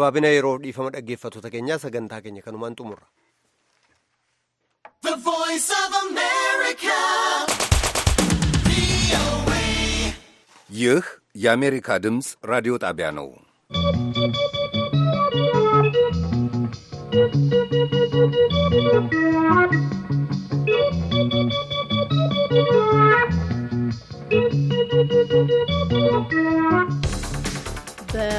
Gabaabina yeroo dhiifama dhaggeeffatoota keenyaa sagantaa keenya kanumaan xumurra. ይህ የአሜሪካ ድምፅ ራዲዮ ጣቢያ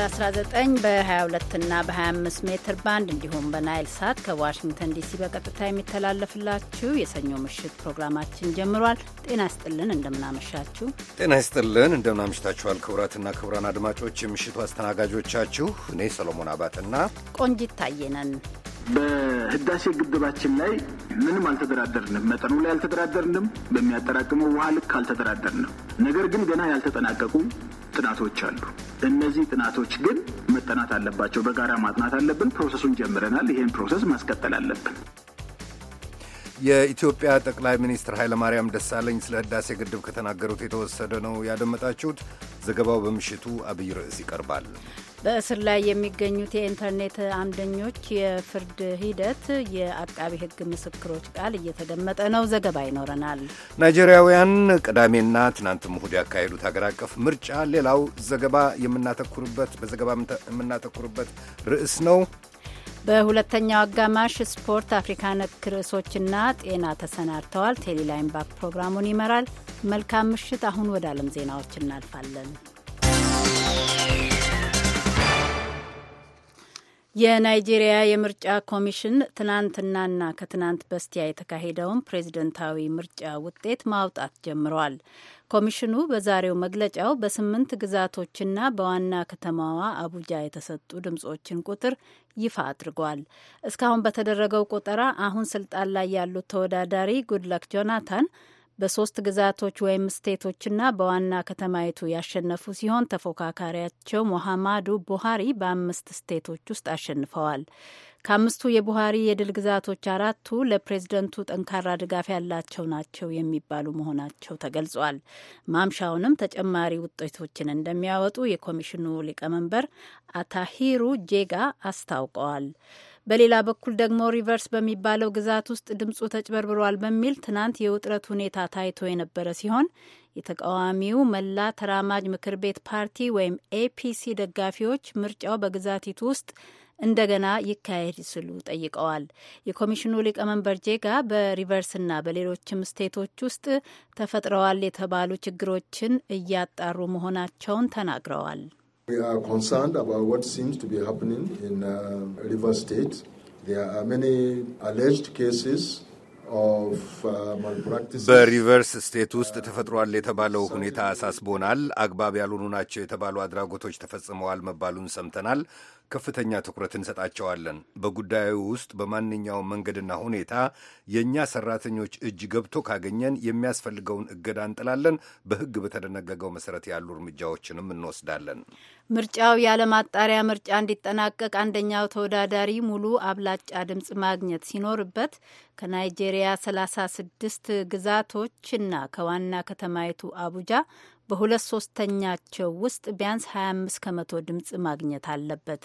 በ19 በ22 እና በ25 ሜትር ባንድ እንዲሁም በናይል ሳት ከዋሽንግተን ዲሲ በቀጥታ የሚተላለፍላችሁ የሰኞ ምሽት ፕሮግራማችን ጀምሯል። ጤና ይስጥልን፣ እንደምናመሻችሁ። ጤና ይስጥልን፣ እንደምናመሽታችኋል። ክቡራትና ክቡራን አድማጮች የምሽቱ አስተናጋጆቻችሁ እኔ ሰሎሞን አባትና ቆንጂት ታየነን። በህዳሴ ግድባችን ላይ ምንም አልተደራደርንም። መጠኑ ላይ አልተደራደርንም። በሚያጠራቅመው ውሃ ልክ አልተደራደርንም። ነገር ግን ገና ያልተጠናቀቁ ጥናቶች አሉ። እነዚህ ጥናቶች ግን መጠናት አለባቸው። በጋራ ማጥናት አለብን። ፕሮሰሱን ጀምረናል። ይህን ፕሮሰስ ማስቀጠል አለብን። የኢትዮጵያ ጠቅላይ ሚኒስትር ኃይለማርያም ደሳለኝ ስለ ህዳሴ ግድብ ከተናገሩት የተወሰደ ነው ያደመጣችሁት። ዘገባው በምሽቱ አብይ ርዕስ ይቀርባል። በእስር ላይ የሚገኙት የኢንተርኔት አምደኞች የፍርድ ሂደት የአቃቢ ሕግ ምስክሮች ቃል እየተደመጠ ነው። ዘገባ ይኖረናል። ናይጄሪያውያን ቅዳሜና ትናንት እሁድ ያካሄዱት ሀገር አቀፍ ምርጫ ሌላው ዘገባ የምናተኩርበት በዘገባ የምናተኩርበት ርዕስ ነው። በሁለተኛው አጋማሽ ስፖርት፣ አፍሪካ ነክ ርዕሶችና ጤና ተሰናድተዋል። ቴሌላይም ባክ ፕሮግራሙን ይመራል። መልካም ምሽት። አሁን ወደ ዓለም ዜናዎች እናልፋለን። የናይጄሪያ የምርጫ ኮሚሽን ትናንትናና ከትናንት በስቲያ የተካሄደውን ፕሬዝደንታዊ ምርጫ ውጤት ማውጣት ጀምረዋል። ኮሚሽኑ በዛሬው መግለጫው በስምንት ግዛቶችና በዋና ከተማዋ አቡጃ የተሰጡ ድምጾችን ቁጥር ይፋ አድርጓል። እስካሁን በተደረገው ቆጠራ አሁን ስልጣን ላይ ያሉት ተወዳዳሪ ጉድለክ ጆናታን በሶስት ግዛቶች ወይም ስቴቶችና በዋና ከተማይቱ ያሸነፉ ሲሆን ተፎካካሪያቸው ሞሐማዱ ቡሃሪ በአምስት ስቴቶች ውስጥ አሸንፈዋል። ከአምስቱ የቡሃሪ የድል ግዛቶች አራቱ ለፕሬዝደንቱ ጠንካራ ድጋፍ ያላቸው ናቸው የሚባሉ መሆናቸው ተገልጿል። ማምሻውንም ተጨማሪ ውጤቶችን እንደሚያወጡ የኮሚሽኑ ሊቀመንበር አታሂሩ ጄጋ አስታውቀዋል። በሌላ በኩል ደግሞ ሪቨርስ በሚባለው ግዛት ውስጥ ድምፁ ተጭበርብሯል በሚል ትናንት የውጥረት ሁኔታ ታይቶ የነበረ ሲሆን የተቃዋሚው መላ ተራማጅ ምክር ቤት ፓርቲ ወይም ኤፒሲ ደጋፊዎች ምርጫው በግዛቲቱ ውስጥ እንደገና ይካሄድ ስሉ ጠይቀዋል። የኮሚሽኑ ሊቀመንበር ጄጋ በሪቨርስና በሌሎችም ስቴቶች ውስጥ ተፈጥረዋል የተባሉ ችግሮችን እያጣሩ መሆናቸውን ተናግረዋል። We are concerned about what seems to be happening in uh, River State. There are many alleged cases በሪቨርስ ስቴት ውስጥ ተፈጥሯል የተባለው ሁኔታ አሳስቦናል። አግባብ ያልሆኑ ናቸው የተባሉ አድራጎቶች ተፈጽመዋል መባሉን ሰምተናል። ከፍተኛ ትኩረት እንሰጣቸዋለን። በጉዳዩ ውስጥ በማንኛውም መንገድና ሁኔታ የእኛ ሰራተኞች እጅ ገብቶ ካገኘን የሚያስፈልገውን እገዳ እንጥላለን። በሕግ በተደነገገው መሰረት ያሉ እርምጃዎችንም እንወስዳለን። ምርጫው ያለማጣሪያ ምርጫ እንዲጠናቀቅ አንደኛው ተወዳዳሪ ሙሉ አብላጫ ድምፅ ማግኘት ሲኖርበት ከናይጄሪያ 36 ግዛቶችና ከዋና ከተማይቱ አቡጃ በሁለት ሶስተኛቸው ውስጥ ቢያንስ 25 ከመቶ ድምፅ ማግኘት አለበት።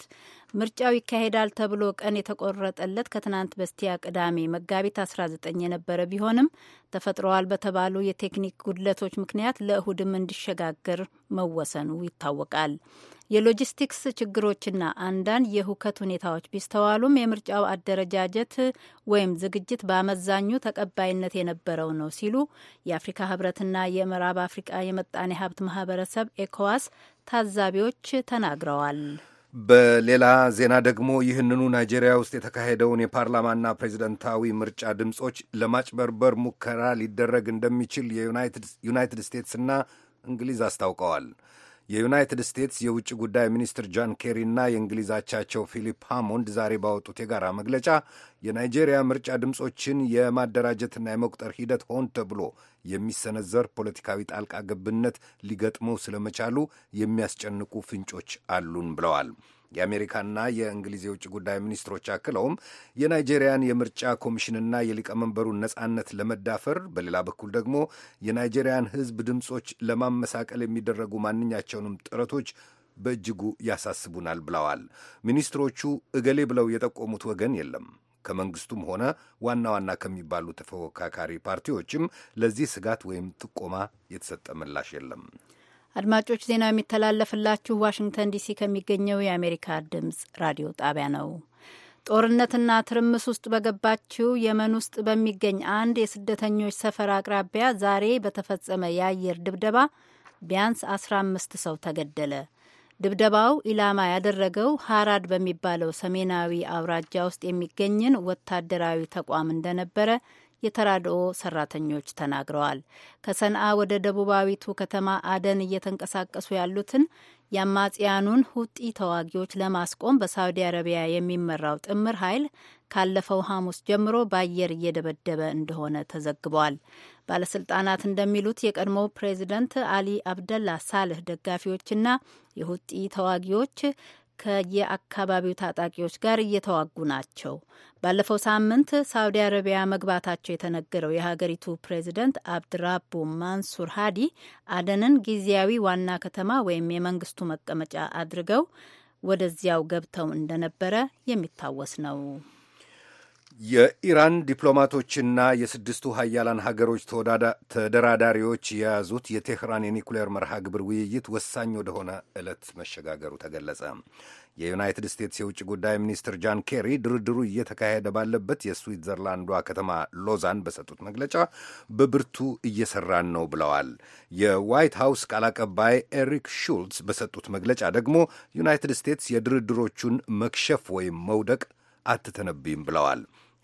ምርጫው ይካሄዳል ተብሎ ቀን የተቆረጠለት ከትናንት በስቲያ ቅዳሜ መጋቢት 19 የነበረ ቢሆንም ተፈጥረዋል በተባሉ የቴክኒክ ጉድለቶች ምክንያት ለእሁድም እንዲሸጋገር መወሰኑ ይታወቃል። የሎጂስቲክስ ችግሮችና አንዳንድ የሁከት ሁኔታዎች ቢስተዋሉም የምርጫው አደረጃጀት ወይም ዝግጅት በአመዛኙ ተቀባይነት የነበረው ነው ሲሉ የአፍሪካ ህብረትና የምዕራብ አፍሪቃ የመጣኔ ሀብት ማህበረሰብ ኤኮዋስ ታዛቢዎች ተናግረዋል። በሌላ ዜና ደግሞ ይህንኑ ናይጄሪያ ውስጥ የተካሄደውን የፓርላማና ፕሬዚደንታዊ ምርጫ ድምፆች ለማጭበርበር ሙከራ ሊደረግ እንደሚችል የዩናይትድ ስቴትስና እንግሊዝ አስታውቀዋል። የዩናይትድ ስቴትስ የውጭ ጉዳይ ሚኒስትር ጆን ኬሪ የእንግሊዝ አቻቸው ፊሊፕ ሃሞንድ ዛሬ ባወጡት የጋራ መግለጫ የናይጄሪያ ምርጫ ድምፆችን የማደራጀትና የመቁጠር ሂደት ሆን ተብሎ የሚሰነዘር ፖለቲካዊ ጣልቃ ገብነት ሊገጥመው ስለመቻሉ የሚያስጨንቁ ፍንጮች አሉን ብለዋል። የአሜሪካና የእንግሊዝ የውጭ ጉዳይ ሚኒስትሮች አክለውም የናይጄሪያን የምርጫ ኮሚሽንና የሊቀመንበሩን ነጻነት ለመዳፈር በሌላ በኩል ደግሞ የናይጄሪያን ሕዝብ ድምፆች ለማመሳቀል የሚደረጉ ማንኛቸውንም ጥረቶች በእጅጉ ያሳስቡናል ብለዋል። ሚኒስትሮቹ እገሌ ብለው የጠቆሙት ወገን የለም። ከመንግስቱም ሆነ ዋና ዋና ከሚባሉ ተፎካካሪ ፓርቲዎችም ለዚህ ስጋት ወይም ጥቆማ የተሰጠ ምላሽ የለም። አድማጮች ዜናው የሚተላለፍላችሁ ዋሽንግተን ዲሲ ከሚገኘው የአሜሪካ ድምፅ ራዲዮ ጣቢያ ነው። ጦርነትና ትርምስ ውስጥ በገባችው የመን ውስጥ በሚገኝ አንድ የስደተኞች ሰፈር አቅራቢያ ዛሬ በተፈጸመ የአየር ድብደባ ቢያንስ 15 ሰው ተገደለ። ድብደባው ኢላማ ያደረገው ሃራድ በሚባለው ሰሜናዊ አውራጃ ውስጥ የሚገኝን ወታደራዊ ተቋም እንደነበረ የተራድኦ ሰራተኞች ተናግረዋል። ከሰንአ ወደ ደቡባዊቱ ከተማ አደን እየተንቀሳቀሱ ያሉትን የአማጽያኑን ሁጢ ተዋጊዎች ለማስቆም በሳውዲ አረቢያ የሚመራው ጥምር ኃይል ካለፈው ሐሙስ ጀምሮ በአየር እየደበደበ እንደሆነ ተዘግቧል። ባለስልጣናት እንደሚሉት የቀድሞ ፕሬዚደንት አሊ አብደላ ሳልህ ደጋፊዎችና የሁጢ ተዋጊዎች ከየአካባቢው ታጣቂዎች ጋር እየተዋጉ ናቸው። ባለፈው ሳምንት ሳውዲ አረቢያ መግባታቸው የተነገረው የሀገሪቱ ፕሬዚደንት አብድራቡ ማንሱር ሃዲ አደንን ጊዜያዊ ዋና ከተማ ወይም የመንግስቱ መቀመጫ አድርገው ወደዚያው ገብተው እንደነበረ የሚታወስ ነው። የኢራን ዲፕሎማቶችና የስድስቱ ሀያላን ሀገሮች ተደራዳሪዎች የያዙት የቴህራን የኒኩሌር መርሃ ግብር ውይይት ወሳኝ ወደሆነ ዕለት መሸጋገሩ ተገለጸ። የዩናይትድ ስቴትስ የውጭ ጉዳይ ሚኒስትር ጃን ኬሪ ድርድሩ እየተካሄደ ባለበት የስዊትዘርላንዷ ከተማ ሎዛን በሰጡት መግለጫ በብርቱ እየሰራን ነው ብለዋል። የዋይት ሃውስ ቃል አቀባይ ኤሪክ ሹልትስ በሰጡት መግለጫ ደግሞ ዩናይትድ ስቴትስ የድርድሮቹን መክሸፍ ወይም መውደቅ አትተነብይም ብለዋል።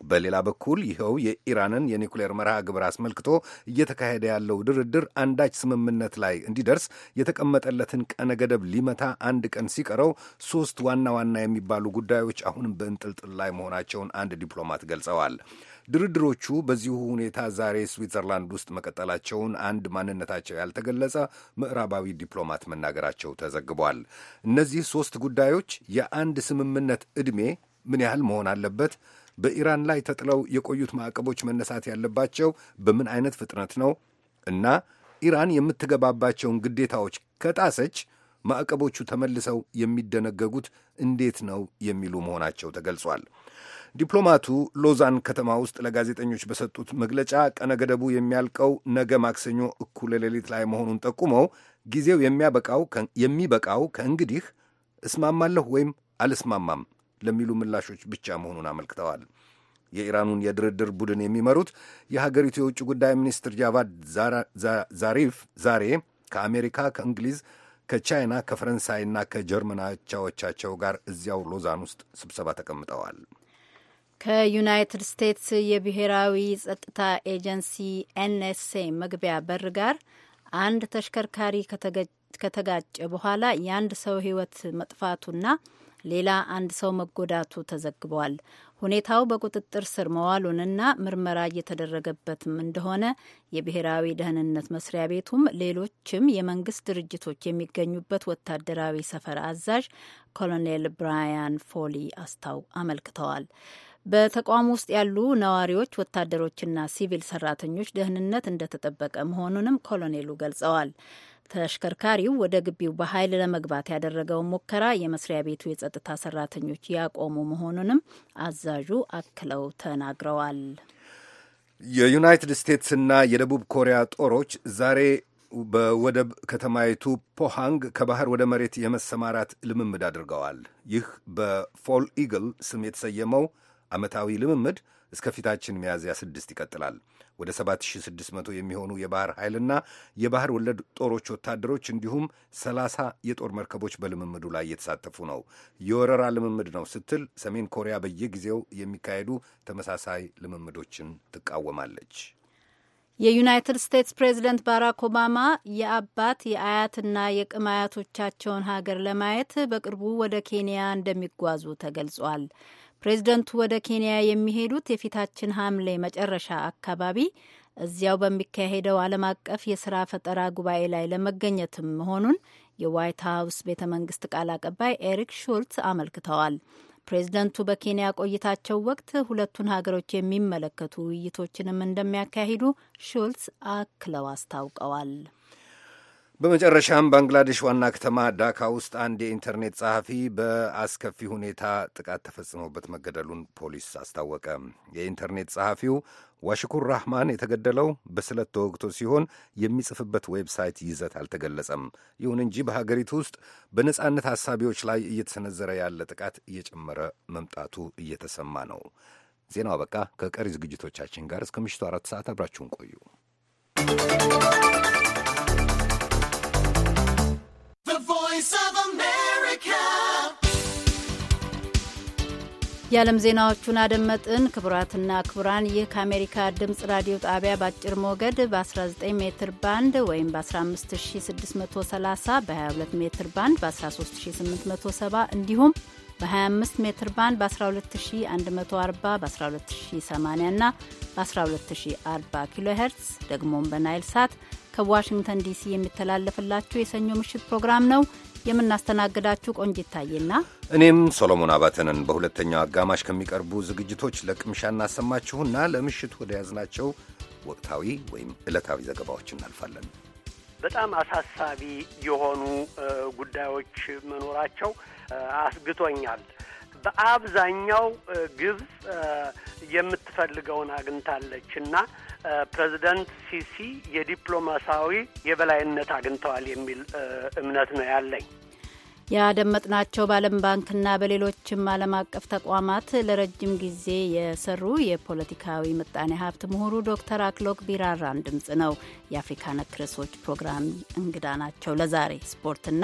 በሌላ በኩል ይኸው የኢራንን የኒውክሌር መርሃ ግብር አስመልክቶ እየተካሄደ ያለው ድርድር አንዳች ስምምነት ላይ እንዲደርስ የተቀመጠለትን ቀነ ገደብ ሊመታ አንድ ቀን ሲቀረው ሶስት ዋና ዋና የሚባሉ ጉዳዮች አሁንም በእንጥልጥል ላይ መሆናቸውን አንድ ዲፕሎማት ገልጸዋል። ድርድሮቹ በዚሁ ሁኔታ ዛሬ ስዊትዘርላንድ ውስጥ መቀጠላቸውን አንድ ማንነታቸው ያልተገለጸ ምዕራባዊ ዲፕሎማት መናገራቸው ተዘግቧል። እነዚህ ሶስት ጉዳዮች የአንድ ስምምነት ዕድሜ ምን ያህል መሆን አለበት? በኢራን ላይ ተጥለው የቆዩት ማዕቀቦች መነሳት ያለባቸው በምን አይነት ፍጥነት ነው እና ኢራን የምትገባባቸውን ግዴታዎች ከጣሰች ማዕቀቦቹ ተመልሰው የሚደነገጉት እንዴት ነው የሚሉ መሆናቸው ተገልጿል። ዲፕሎማቱ ሎዛን ከተማ ውስጥ ለጋዜጠኞች በሰጡት መግለጫ ቀነ ገደቡ የሚያልቀው ነገ ማክሰኞ እኩለ ሌሊት ላይ መሆኑን ጠቁመው ጊዜው የሚያበቃው የሚበቃው ከእንግዲህ እስማማለሁ ወይም አልስማማም ለሚሉ ምላሾች ብቻ መሆኑን አመልክተዋል። የኢራኑን የድርድር ቡድን የሚመሩት የሀገሪቱ የውጭ ጉዳይ ሚኒስትር ጃቫድ ዛሪፍ ዛሬ ከአሜሪካ፣ ከእንግሊዝ፣ ከቻይና፣ ከፈረንሳይና ከጀርመን አቻዎቻቸው ጋር እዚያው ሎዛን ውስጥ ስብሰባ ተቀምጠዋል። ከዩናይትድ ስቴትስ የብሔራዊ ጸጥታ ኤጀንሲ ኤንኤስኤ መግቢያ በር ጋር አንድ ተሽከርካሪ ከተጋጨ በኋላ የአንድ ሰው ሕይወት መጥፋቱና ሌላ አንድ ሰው መጎዳቱ ተዘግቧል። ሁኔታው በቁጥጥር ስር መዋሉንና ምርመራ እየተደረገበትም እንደሆነ የብሔራዊ ደህንነት መስሪያ ቤቱም ሌሎችም የመንግስት ድርጅቶች የሚገኙበት ወታደራዊ ሰፈር አዛዥ ኮሎኔል ብራያን ፎሊ አስታው አመልክተዋል። በተቋም ውስጥ ያሉ ነዋሪዎች፣ ወታደሮችና ሲቪል ሰራተኞች ደህንነት እንደተጠበቀ መሆኑንም ኮሎኔሉ ገልጸዋል። ተሽከርካሪው ወደ ግቢው በኃይል ለመግባት ያደረገውን ሙከራ የመስሪያ ቤቱ የጸጥታ ሰራተኞች ያቆሙ መሆኑንም አዛዡ አክለው ተናግረዋል። የዩናይትድ ስቴትስና የደቡብ ኮሪያ ጦሮች ዛሬ በወደብ ከተማይቱ ፖሃንግ ከባህር ወደ መሬት የመሰማራት ልምምድ አድርገዋል። ይህ በፎል ኢግል ስም የተሰየመው ዓመታዊ ልምምድ እስከ ፊታችን ሚያዝያ ስድስት ይቀጥላል። ወደ 7600 የሚሆኑ የባህር ኃይልና የባህር ወለድ ጦሮች ወታደሮች እንዲሁም 30 የጦር መርከቦች በልምምዱ ላይ እየተሳተፉ ነው። የወረራ ልምምድ ነው ስትል ሰሜን ኮሪያ በየጊዜው የሚካሄዱ ተመሳሳይ ልምምዶችን ትቃወማለች። የዩናይትድ ስቴትስ ፕሬዝደንት ባራክ ኦባማ የአባት የአያትና የቅም አያቶቻቸውን ሀገር ለማየት በቅርቡ ወደ ኬንያ እንደሚጓዙ ተገልጿል። ፕሬዝደንቱ ወደ ኬንያ የሚሄዱት የፊታችን ሐምሌ መጨረሻ አካባቢ እዚያው በሚካሄደው ዓለም አቀፍ የስራ ፈጠራ ጉባኤ ላይ ለመገኘትም መሆኑን የዋይት ሀውስ ቤተ መንግስት ቃል አቀባይ ኤሪክ ሹልት አመልክተዋል። ፕሬዝደንቱ በኬንያ ቆይታቸው ወቅት ሁለቱን ሀገሮች የሚመለከቱ ውይይቶችንም እንደሚያካሂዱ ሹልትስ አክለው አስታውቀዋል። በመጨረሻም ባንግላዴሽ ዋና ከተማ ዳካ ውስጥ አንድ የኢንተርኔት ጸሐፊ በአስከፊ ሁኔታ ጥቃት ተፈጽሞበት መገደሉን ፖሊስ አስታወቀ። የኢንተርኔት ጸሐፊው ዋሽኩር ራህማን የተገደለው በስለት ተወግቶ ሲሆን የሚጽፍበት ዌብሳይት ይዘት አልተገለጸም። ይሁን እንጂ በሀገሪቱ ውስጥ በነጻነት ሐሳቢዎች ላይ እየተሰነዘረ ያለ ጥቃት እየጨመረ መምጣቱ እየተሰማ ነው። ዜናው አበቃ። ከቀሪ ዝግጅቶቻችን ጋር እስከ ምሽቱ አራት ሰዓት አብራችሁን ቆዩ። የዓለም ዜናዎቹን አደመጥን። ክቡራትና ክቡራን፣ ይህ ከአሜሪካ ድምፅ ራዲዮ ጣቢያ በአጭር ሞገድ በ19 ሜትር ባንድ ወይም በ15630 በ22 ሜትር ባንድ በ13870 እንዲሁም በ25 ሜትር ባንድ በ12140 በ12080 እና በ12040 ኪሎ ሄርትስ ደግሞም በናይል ሳት ከዋሽንግተን ዲሲ የሚተላለፍላችሁ የሰኞ ምሽት ፕሮግራም ነው። የምናስተናግዳችሁ ቆንጅ ይታየና እኔም ሶሎሞን አባተንን። በሁለተኛው አጋማሽ ከሚቀርቡ ዝግጅቶች ለቅምሻ እናሰማችሁና ለምሽት ወደ ያዝናቸው ወቅታዊ ወይም ዕለታዊ ዘገባዎች እናልፋለን። በጣም አሳሳቢ የሆኑ ጉዳዮች መኖራቸው አስግቶኛል። በአብዛኛው ግብፅ የምት የምትፈልገውን አግኝታለች እና ፕሬዚደንት ሲሲ የዲፕሎማሲያዊ የበላይነት አግኝተዋል የሚል እምነት ነው ያለኝ። ያደመጥናቸው በዓለም ባንክና በሌሎችም ዓለም አቀፍ ተቋማት ለረጅም ጊዜ የሰሩ የፖለቲካዊ ምጣኔ ሀብት ምሁሩ ዶክተር አክሎክ ቢራራን ድምፅ ነው። የአፍሪካ ነክ ርዕሶች ፕሮግራም እንግዳ ናቸው። ለዛሬ ስፖርትና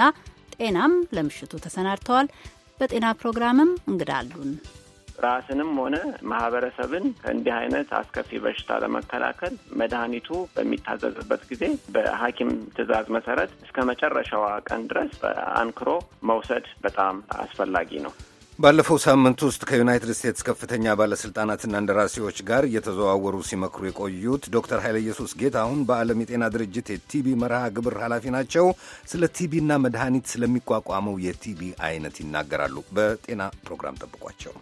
ጤናም ለምሽቱ ተሰናድተዋል። በጤና ፕሮግራምም እንግዳ አሉን። ራስንም ሆነ ማህበረሰብን ከእንዲህ አይነት አስከፊ በሽታ ለመከላከል መድኃኒቱ በሚታዘዝበት ጊዜ በሐኪም ትዕዛዝ መሰረት እስከ መጨረሻዋ ቀን ድረስ በአንክሮ መውሰድ በጣም አስፈላጊ ነው። ባለፈው ሳምንት ውስጥ ከዩናይትድ ስቴትስ ከፍተኛ ባለሥልጣናትና እንደራሴዎች ጋር እየተዘዋወሩ ሲመክሩ የቆዩት ዶክተር ኃይለ ኢየሱስ ጌታሁን በዓለም የጤና ድርጅት የቲቢ መርሃ ግብር ኃላፊ ናቸው። ስለ ቲቢና መድኃኒት ስለሚቋቋመው የቲቢ አይነት ይናገራሉ። በጤና ፕሮግራም ጠብቋቸው።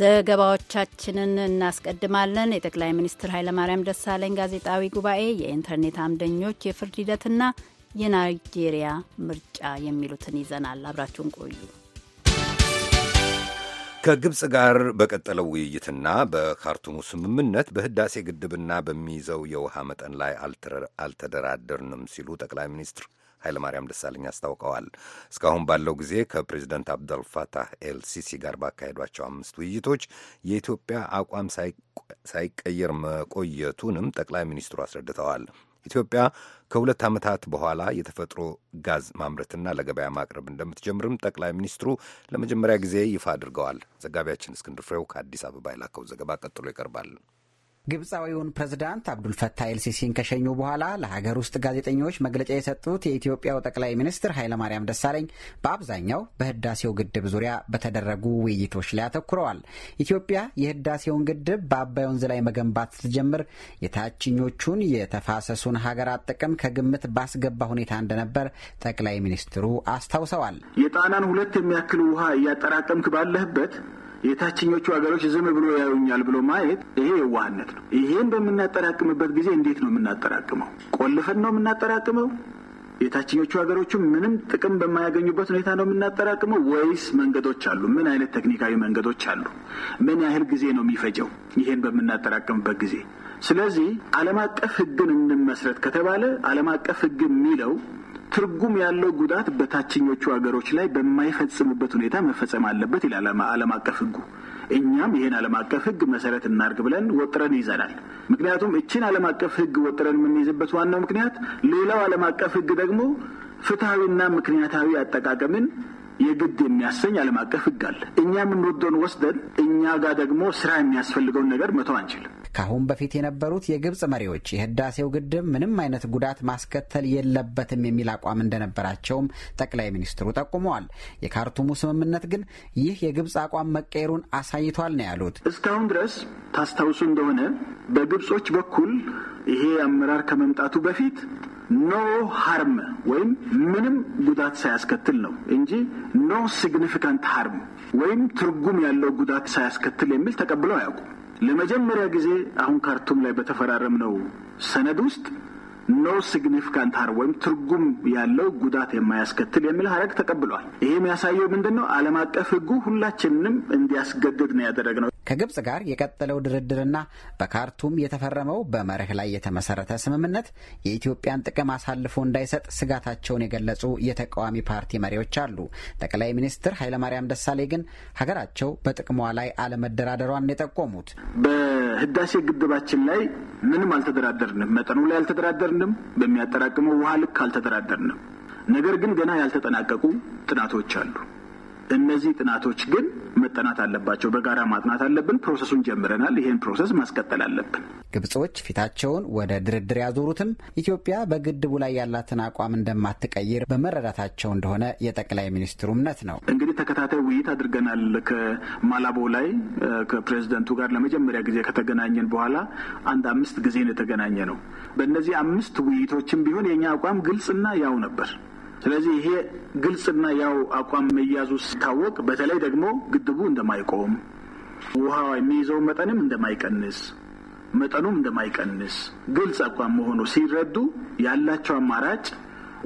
ዘገባዎቻችንን እናስቀድማለን። የጠቅላይ ሚኒስትር ኃይለማርያም ደሳለኝ ጋዜጣዊ ጉባኤ፣ የኢንተርኔት አምደኞች የፍርድ ሂደትና የናይጄሪያ ምርጫ የሚሉትን ይዘናል። አብራችሁን ቆዩ። ከግብፅ ጋር በቀጠለው ውይይትና በካርቱሙ ስምምነት በህዳሴ ግድብና በሚይዘው የውሃ መጠን ላይ አልተደራደርንም ሲሉ ጠቅላይ ሚኒስትር ኃይለማርያም ደሳለኝ አስታውቀዋል። እስካሁን ባለው ጊዜ ከፕሬዚደንት አብደልፋታህ ኤልሲሲ ጋር ባካሄዷቸው አምስት ውይይቶች የኢትዮጵያ አቋም ሳይቀየር መቆየቱንም ጠቅላይ ሚኒስትሩ አስረድተዋል። ኢትዮጵያ ከሁለት ዓመታት በኋላ የተፈጥሮ ጋዝ ማምረትና ለገበያ ማቅረብ እንደምትጀምርም ጠቅላይ ሚኒስትሩ ለመጀመሪያ ጊዜ ይፋ አድርገዋል። ዘጋቢያችን እስክንድር ፍሬው ከአዲስ አበባ የላከው ዘገባ ቀጥሎ ይቀርባል። ግብፃዊውን ፕሬዝዳንት አብዱልፈታህ ኤልሲሲን ከሸኙ በኋላ ለሀገር ውስጥ ጋዜጠኞች መግለጫ የሰጡት የኢትዮጵያው ጠቅላይ ሚኒስትር ኃይለማርያም ደሳለኝ በአብዛኛው በህዳሴው ግድብ ዙሪያ በተደረጉ ውይይቶች ላይ አተኩረዋል። ኢትዮጵያ የህዳሴውን ግድብ በአባይ ወንዝ ላይ መገንባት ስትጀምር የታችኞቹን የተፋሰሱን ሀገራት ጥቅም ከግምት ባስገባ ሁኔታ እንደነበር ጠቅላይ ሚኒስትሩ አስታውሰዋል። የጣናን ሁለት የሚያክል ውሃ እያጠራቀምክ ባለህበት የታችኞቹ ሀገሮች ዝም ብሎ ያዩኛል ብሎ ማየት ይሄ የዋህነት ነው። ይሄን በምናጠራቅምበት ጊዜ እንዴት ነው የምናጠራቅመው? ቆልፈን ነው የምናጠራቅመው? የታችኞቹ ሀገሮቹ ምንም ጥቅም በማያገኙበት ሁኔታ ነው የምናጠራቅመው ወይስ መንገዶች አሉ? ምን አይነት ቴክኒካዊ መንገዶች አሉ? ምን ያህል ጊዜ ነው የሚፈጀው ይሄን በምናጠራቅምበት ጊዜ? ስለዚህ ዓለም አቀፍ ሕግን እንመስረት ከተባለ ዓለም አቀፍ ሕግ የሚለው ትርጉም ያለው ጉዳት በታችኞቹ ሀገሮች ላይ በማይፈጽምበት ሁኔታ መፈጸም አለበት ይላል ዓለም አቀፍ ህጉ እኛም ይህን ዓለም አቀፍ ህግ መሰረት እናርግ ብለን ወጥረን ይዘናል። ምክንያቱም እችን ዓለም አቀፍ ህግ ወጥረን የምንይዝበት ዋናው ምክንያት ሌላው ዓለም አቀፍ ህግ ደግሞ ፍትሐዊና ምክንያታዊ አጠቃቀምን የግድ የሚያሰኝ ዓለም አቀፍ ህግ አለ። እኛ የምንወደውን ወስደን እኛ ጋር ደግሞ ስራ የሚያስፈልገውን ነገር መተው አንችልም። ከአሁን በፊት የነበሩት የግብፅ መሪዎች የህዳሴው ግድብ ምንም አይነት ጉዳት ማስከተል የለበትም የሚል አቋም እንደነበራቸውም ጠቅላይ ሚኒስትሩ ጠቁመዋል። የካርቱሙ ስምምነት ግን ይህ የግብፅ አቋም መቀየሩን አሳይቷል ነው ያሉት። እስካሁን ድረስ ታስታውሱ እንደሆነ በግብጾች በኩል ይሄ አመራር ከመምጣቱ በፊት ኖ ሀርም ወይም ምንም ጉዳት ሳያስከትል ነው እንጂ ኖ ሲግኒፊካንት ሀርም ወይም ትርጉም ያለው ጉዳት ሳያስከትል የሚል ተቀብለው አያውቁም። ለመጀመሪያ ጊዜ አሁን ካርቱም ላይ በተፈራረምነው ሰነድ ውስጥ ኖ ሲግኒፊካንት ሀር ወይም ትርጉም ያለው ጉዳት የማያስከትል የሚል ሀረግ ተቀብሏል። ይሄ የሚያሳየው ምንድን ነው? ዓለም አቀፍ ሕጉ ሁላችንንም እንዲያስገድድ ነው ያደረግነው። ከግብፅ ጋር የቀጠለው ድርድርና በካርቱም የተፈረመው በመርህ ላይ የተመሰረተ ስምምነት የኢትዮጵያን ጥቅም አሳልፎ እንዳይሰጥ ስጋታቸውን የገለጹ የተቃዋሚ ፓርቲ መሪዎች አሉ። ጠቅላይ ሚኒስትር ኃይለማርያም ደሳሌ ግን ሀገራቸው በጥቅሟ ላይ አለመደራደሯን የጠቆሙት በህዳሴ ግድባችን ላይ ምንም አልተደራደርንም፣ መጠኑ ላይ አልተደራደርንም፣ በሚያጠራቅመው ውሃ ልክ አልተደራደርንም። ነገር ግን ገና ያልተጠናቀቁ ጥናቶች አሉ። እነዚህ ጥናቶች ግን መጠናት አለባቸው። በጋራ ማጥናት አለብን። ፕሮሰሱን ጀምረናል። ይህን ፕሮሰስ ማስቀጠል አለብን። ግብጾች ፊታቸውን ወደ ድርድር ያዞሩትም ኢትዮጵያ በግድቡ ላይ ያላትን አቋም እንደማትቀይር በመረዳታቸው እንደሆነ የጠቅላይ ሚኒስትሩ እምነት ነው። እንግዲህ ተከታታይ ውይይት አድርገናል። ከማላቦ ላይ ከፕሬዚደንቱ ጋር ለመጀመሪያ ጊዜ ከተገናኘን በኋላ አንድ አምስት ጊዜ የተገናኘ ነው። በእነዚህ አምስት ውይይቶችም ቢሆን የእኛ አቋም ግልጽና ያው ነበር። ስለዚህ ይሄ ግልጽና ያው አቋም መያዙ ሲታወቅ በተለይ ደግሞ ግድቡ እንደማይቆም ውሃ የሚይዘው መጠንም እንደማይቀንስ መጠኑም እንደማይቀንስ ግልጽ አቋም መሆኑ ሲረዱ ያላቸው አማራጭ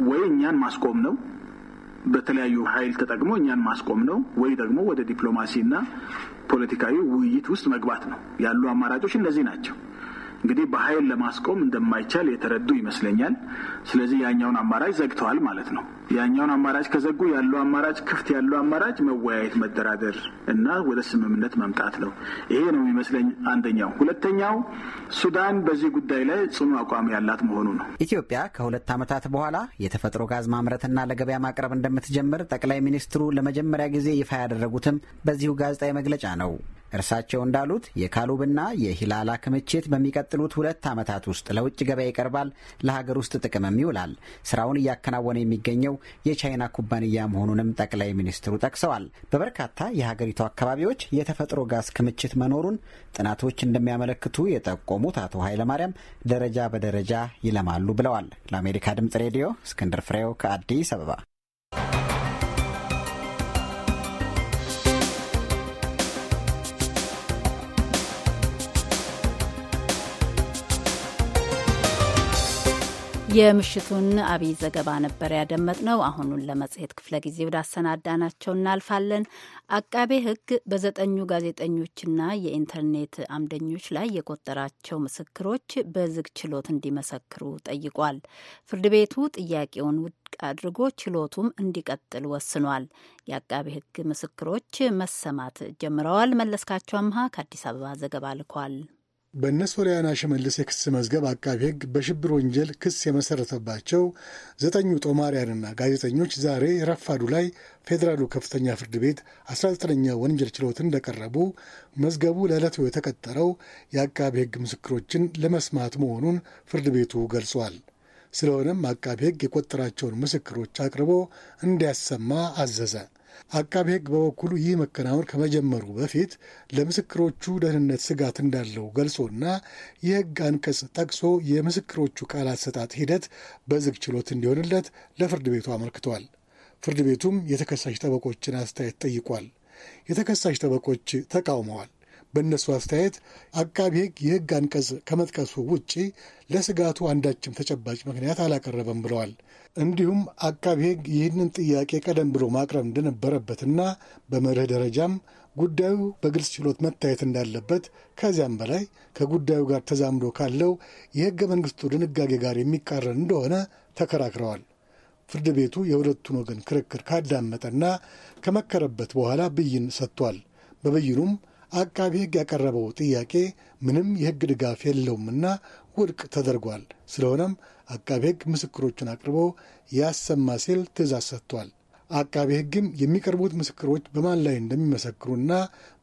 ወይ እኛን ማስቆም ነው፣ በተለያዩ ኃይል ተጠቅሞ እኛን ማስቆም ነው፣ ወይ ደግሞ ወደ ዲፕሎማሲና ፖለቲካዊ ውይይት ውስጥ መግባት ነው። ያሉ አማራጮች እነዚህ ናቸው። እንግዲህ በኃይል ለማስቆም እንደማይቻል የተረዱ ይመስለኛል። ስለዚህ ያኛውን አማራጭ ዘግተዋል ማለት ነው። ያኛውን አማራጭ ከዘጉ ያለው አማራጭ ክፍት ያለው አማራጭ መወያየት፣ መደራደር እና ወደ ስምምነት መምጣት ነው። ይሄ ነው የሚመስለኝ አንደኛው። ሁለተኛው ሱዳን በዚህ ጉዳይ ላይ ጽኑ አቋም ያላት መሆኑ ነው። ኢትዮጵያ ከሁለት ዓመታት በኋላ የተፈጥሮ ጋዝ ማምረትና ለገበያ ማቅረብ እንደምትጀምር ጠቅላይ ሚኒስትሩ ለመጀመሪያ ጊዜ ይፋ ያደረጉትም በዚሁ ጋዜጣዊ መግለጫ ነው። እርሳቸው እንዳሉት የካሉብና የሂላላ ክምችት በሚቀጥሉት ሁለት ዓመታት ውስጥ ለውጭ ገበያ ይቀርባል፣ ለሀገር ውስጥ ጥቅምም ይውላል። ስራውን እያከናወነ የሚገኘው ያገኘው የቻይና ኩባንያ መሆኑንም ጠቅላይ ሚኒስትሩ ጠቅሰዋል። በበርካታ የሀገሪቱ አካባቢዎች የተፈጥሮ ጋዝ ክምችት መኖሩን ጥናቶች እንደሚያመለክቱ የጠቆሙት አቶ ኃይለማርያም ደረጃ በደረጃ ይለማሉ ብለዋል። ለአሜሪካ ድምጽ ሬዲዮ እስክንድር ፍሬው ከአዲስ አበባ የምሽቱን አብይ ዘገባ ነበር ያደመጥነው። አሁኑን ለመጽሔት ክፍለ ጊዜ ወዳሰናዳናቸው እናልፋለን። አቃቤ ሕግ በዘጠኙ ጋዜጠኞችና የኢንተርኔት አምደኞች ላይ የቆጠራቸው ምስክሮች በዝግ ችሎት እንዲመሰክሩ ጠይቋል። ፍርድ ቤቱ ጥያቄውን ውድቅ አድርጎ ችሎቱም እንዲቀጥል ወስኗል። የአቃቤ ሕግ ምስክሮች መሰማት ጀምረዋል። መለስካቸው አምሃ ከአዲስ አበባ ዘገባ ልኳል። በእነ ሶሊያና ሽመልስ የክስ መዝገብ አቃቢ ሕግ በሽብር ወንጀል ክስ የመሰረተባቸው ዘጠኙ ጦማሪያንና ጋዜጠኞች ዛሬ ረፋዱ ላይ ፌዴራሉ ከፍተኛ ፍርድ ቤት 19ኛ ወንጀል ችሎት እንደቀረቡ መዝገቡ ለዕለቱ የተቀጠረው የአቃቢ ሕግ ምስክሮችን ለመስማት መሆኑን ፍርድ ቤቱ ገልጿል። ስለሆነም አቃቢ ሕግ የቆጠራቸውን ምስክሮች አቅርቦ እንዲያሰማ አዘዘ። አቃቢ ሕግ በበኩሉ ይህ መከናወን ከመጀመሩ በፊት ለምስክሮቹ ደህንነት ስጋት እንዳለው ገልጾና የሕግ አንቀጽ ጠቅሶ የምስክሮቹ ቃል አሰጣጥ ሂደት በዝግ ችሎት እንዲሆንለት ለፍርድ ቤቱ አመልክቷል። ፍርድ ቤቱም የተከሳሽ ጠበቆችን አስተያየት ጠይቋል። የተከሳሽ ጠበቆች ተቃውመዋል። በእነሱ አስተያየት አቃቢ ሕግ የሕግ አንቀጽ ከመጥቀሱ ውጪ ለስጋቱ አንዳችም ተጨባጭ ምክንያት አላቀረበም ብለዋል። እንዲሁም አቃቢ ሕግ ይህንን ጥያቄ ቀደም ብሎ ማቅረብ እንደነበረበትና በመርህ ደረጃም ጉዳዩ በግልጽ ችሎት መታየት እንዳለበት ከዚያም በላይ ከጉዳዩ ጋር ተዛምዶ ካለው የሕገ መንግስቱ ድንጋጌ ጋር የሚቃረን እንደሆነ ተከራክረዋል። ፍርድ ቤቱ የሁለቱን ወገን ክርክር ካዳመጠና ከመከረበት በኋላ ብይን ሰጥቷል። በብይኑም አቃቢ ሕግ ያቀረበው ጥያቄ ምንም የሕግ ድጋፍ የለውምና ውድቅ ተደርጓል። ስለሆነም አቃቢ ሕግ ምስክሮቹን አቅርቦ ያሰማ ሲል ትእዛዝ ሰጥቷል። አቃቢ ሕግም የሚቀርቡት ምስክሮች በማን ላይ እንደሚመሰክሩና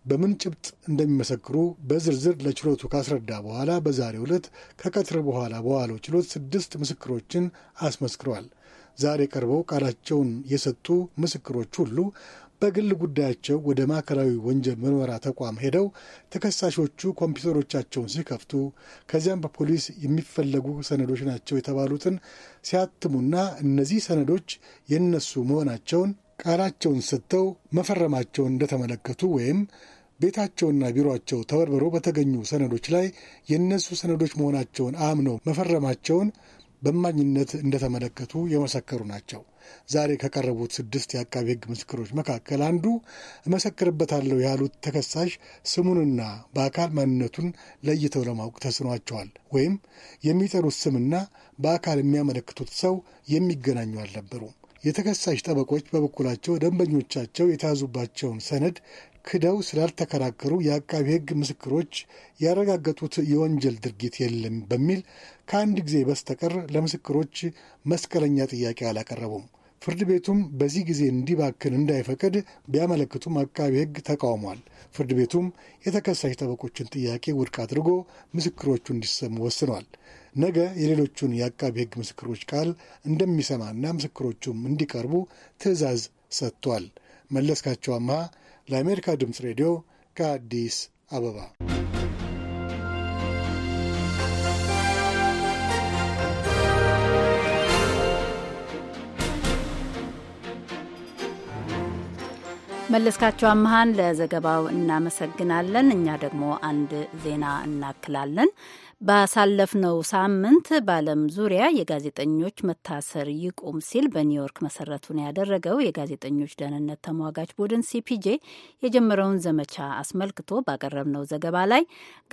በምን ጭብጥ እንደሚመሰክሩ በዝርዝር ለችሎቱ ካስረዳ በኋላ በዛሬው ዕለት ከቀትር በኋላ በዋለው ችሎት ስድስት ምስክሮችን አስመስክሯል። ዛሬ ቀርበው ቃላቸውን የሰጡ ምስክሮች ሁሉ በግል ጉዳያቸው ወደ ማዕከላዊ ወንጀል ምርመራ ተቋም ሄደው ተከሳሾቹ ኮምፒውተሮቻቸውን ሲከፍቱ ከዚያም በፖሊስ የሚፈለጉ ሰነዶች ናቸው የተባሉትን ሲያትሙና እነዚህ ሰነዶች የነሱ መሆናቸውን ቃላቸውን ሰጥተው መፈረማቸውን እንደተመለከቱ ወይም ቤታቸውና ቢሮቸው ተበርብረው በተገኙ ሰነዶች ላይ የእነሱ ሰነዶች መሆናቸውን አምነው መፈረማቸውን በማኝነት እንደተመለከቱ የመሰከሩ ናቸው። ዛሬ ከቀረቡት ስድስት የአቃቢ ሕግ ምስክሮች መካከል አንዱ እመሰክርበታለሁ ያሉት ተከሳሽ ስሙንና በአካል ማንነቱን ለይተው ለማወቅ ተስኗቸዋል ወይም የሚጠሩት ስምና በአካል የሚያመለክቱት ሰው የሚገናኙ አልነበሩም። የተከሳሽ ጠበቆች በበኩላቸው ደንበኞቻቸው የተያዙባቸውን ሰነድ ክደው ስላልተከራከሩ የአቃቢ ሕግ ምስክሮች ያረጋገጡት የወንጀል ድርጊት የለም በሚል ከአንድ ጊዜ በስተቀር ለምስክሮች መስቀለኛ ጥያቄ አላቀረቡም። ፍርድ ቤቱም በዚህ ጊዜ እንዲባክን እንዳይፈቅድ ቢያመለክቱም አቃቢ ሕግ ተቃውሟል። ፍርድ ቤቱም የተከሳሽ ጠበቆችን ጥያቄ ውድቅ አድርጎ ምስክሮቹ እንዲሰሙ ወስኗል። ነገ የሌሎቹን የአቃቢ ሕግ ምስክሮች ቃል እንደሚሰማና ምስክሮቹም እንዲቀርቡ ትዕዛዝ ሰጥቷል። መለስካቸው አምሃ ለአሜሪካ ድምፅ ሬዲዮ ከአዲስ አበባ መለስካቸው አመሃን ለዘገባው እናመሰግናለን። እኛ ደግሞ አንድ ዜና እናክላለን። ባሳለፍነው ሳምንት በዓለም ዙሪያ የጋዜጠኞች መታሰር ይቁም ሲል በኒውዮርክ መሰረቱን ያደረገው የጋዜጠኞች ደህንነት ተሟጋች ቡድን ሲፒጄ የጀመረውን ዘመቻ አስመልክቶ ባቀረብነው ዘገባ ላይ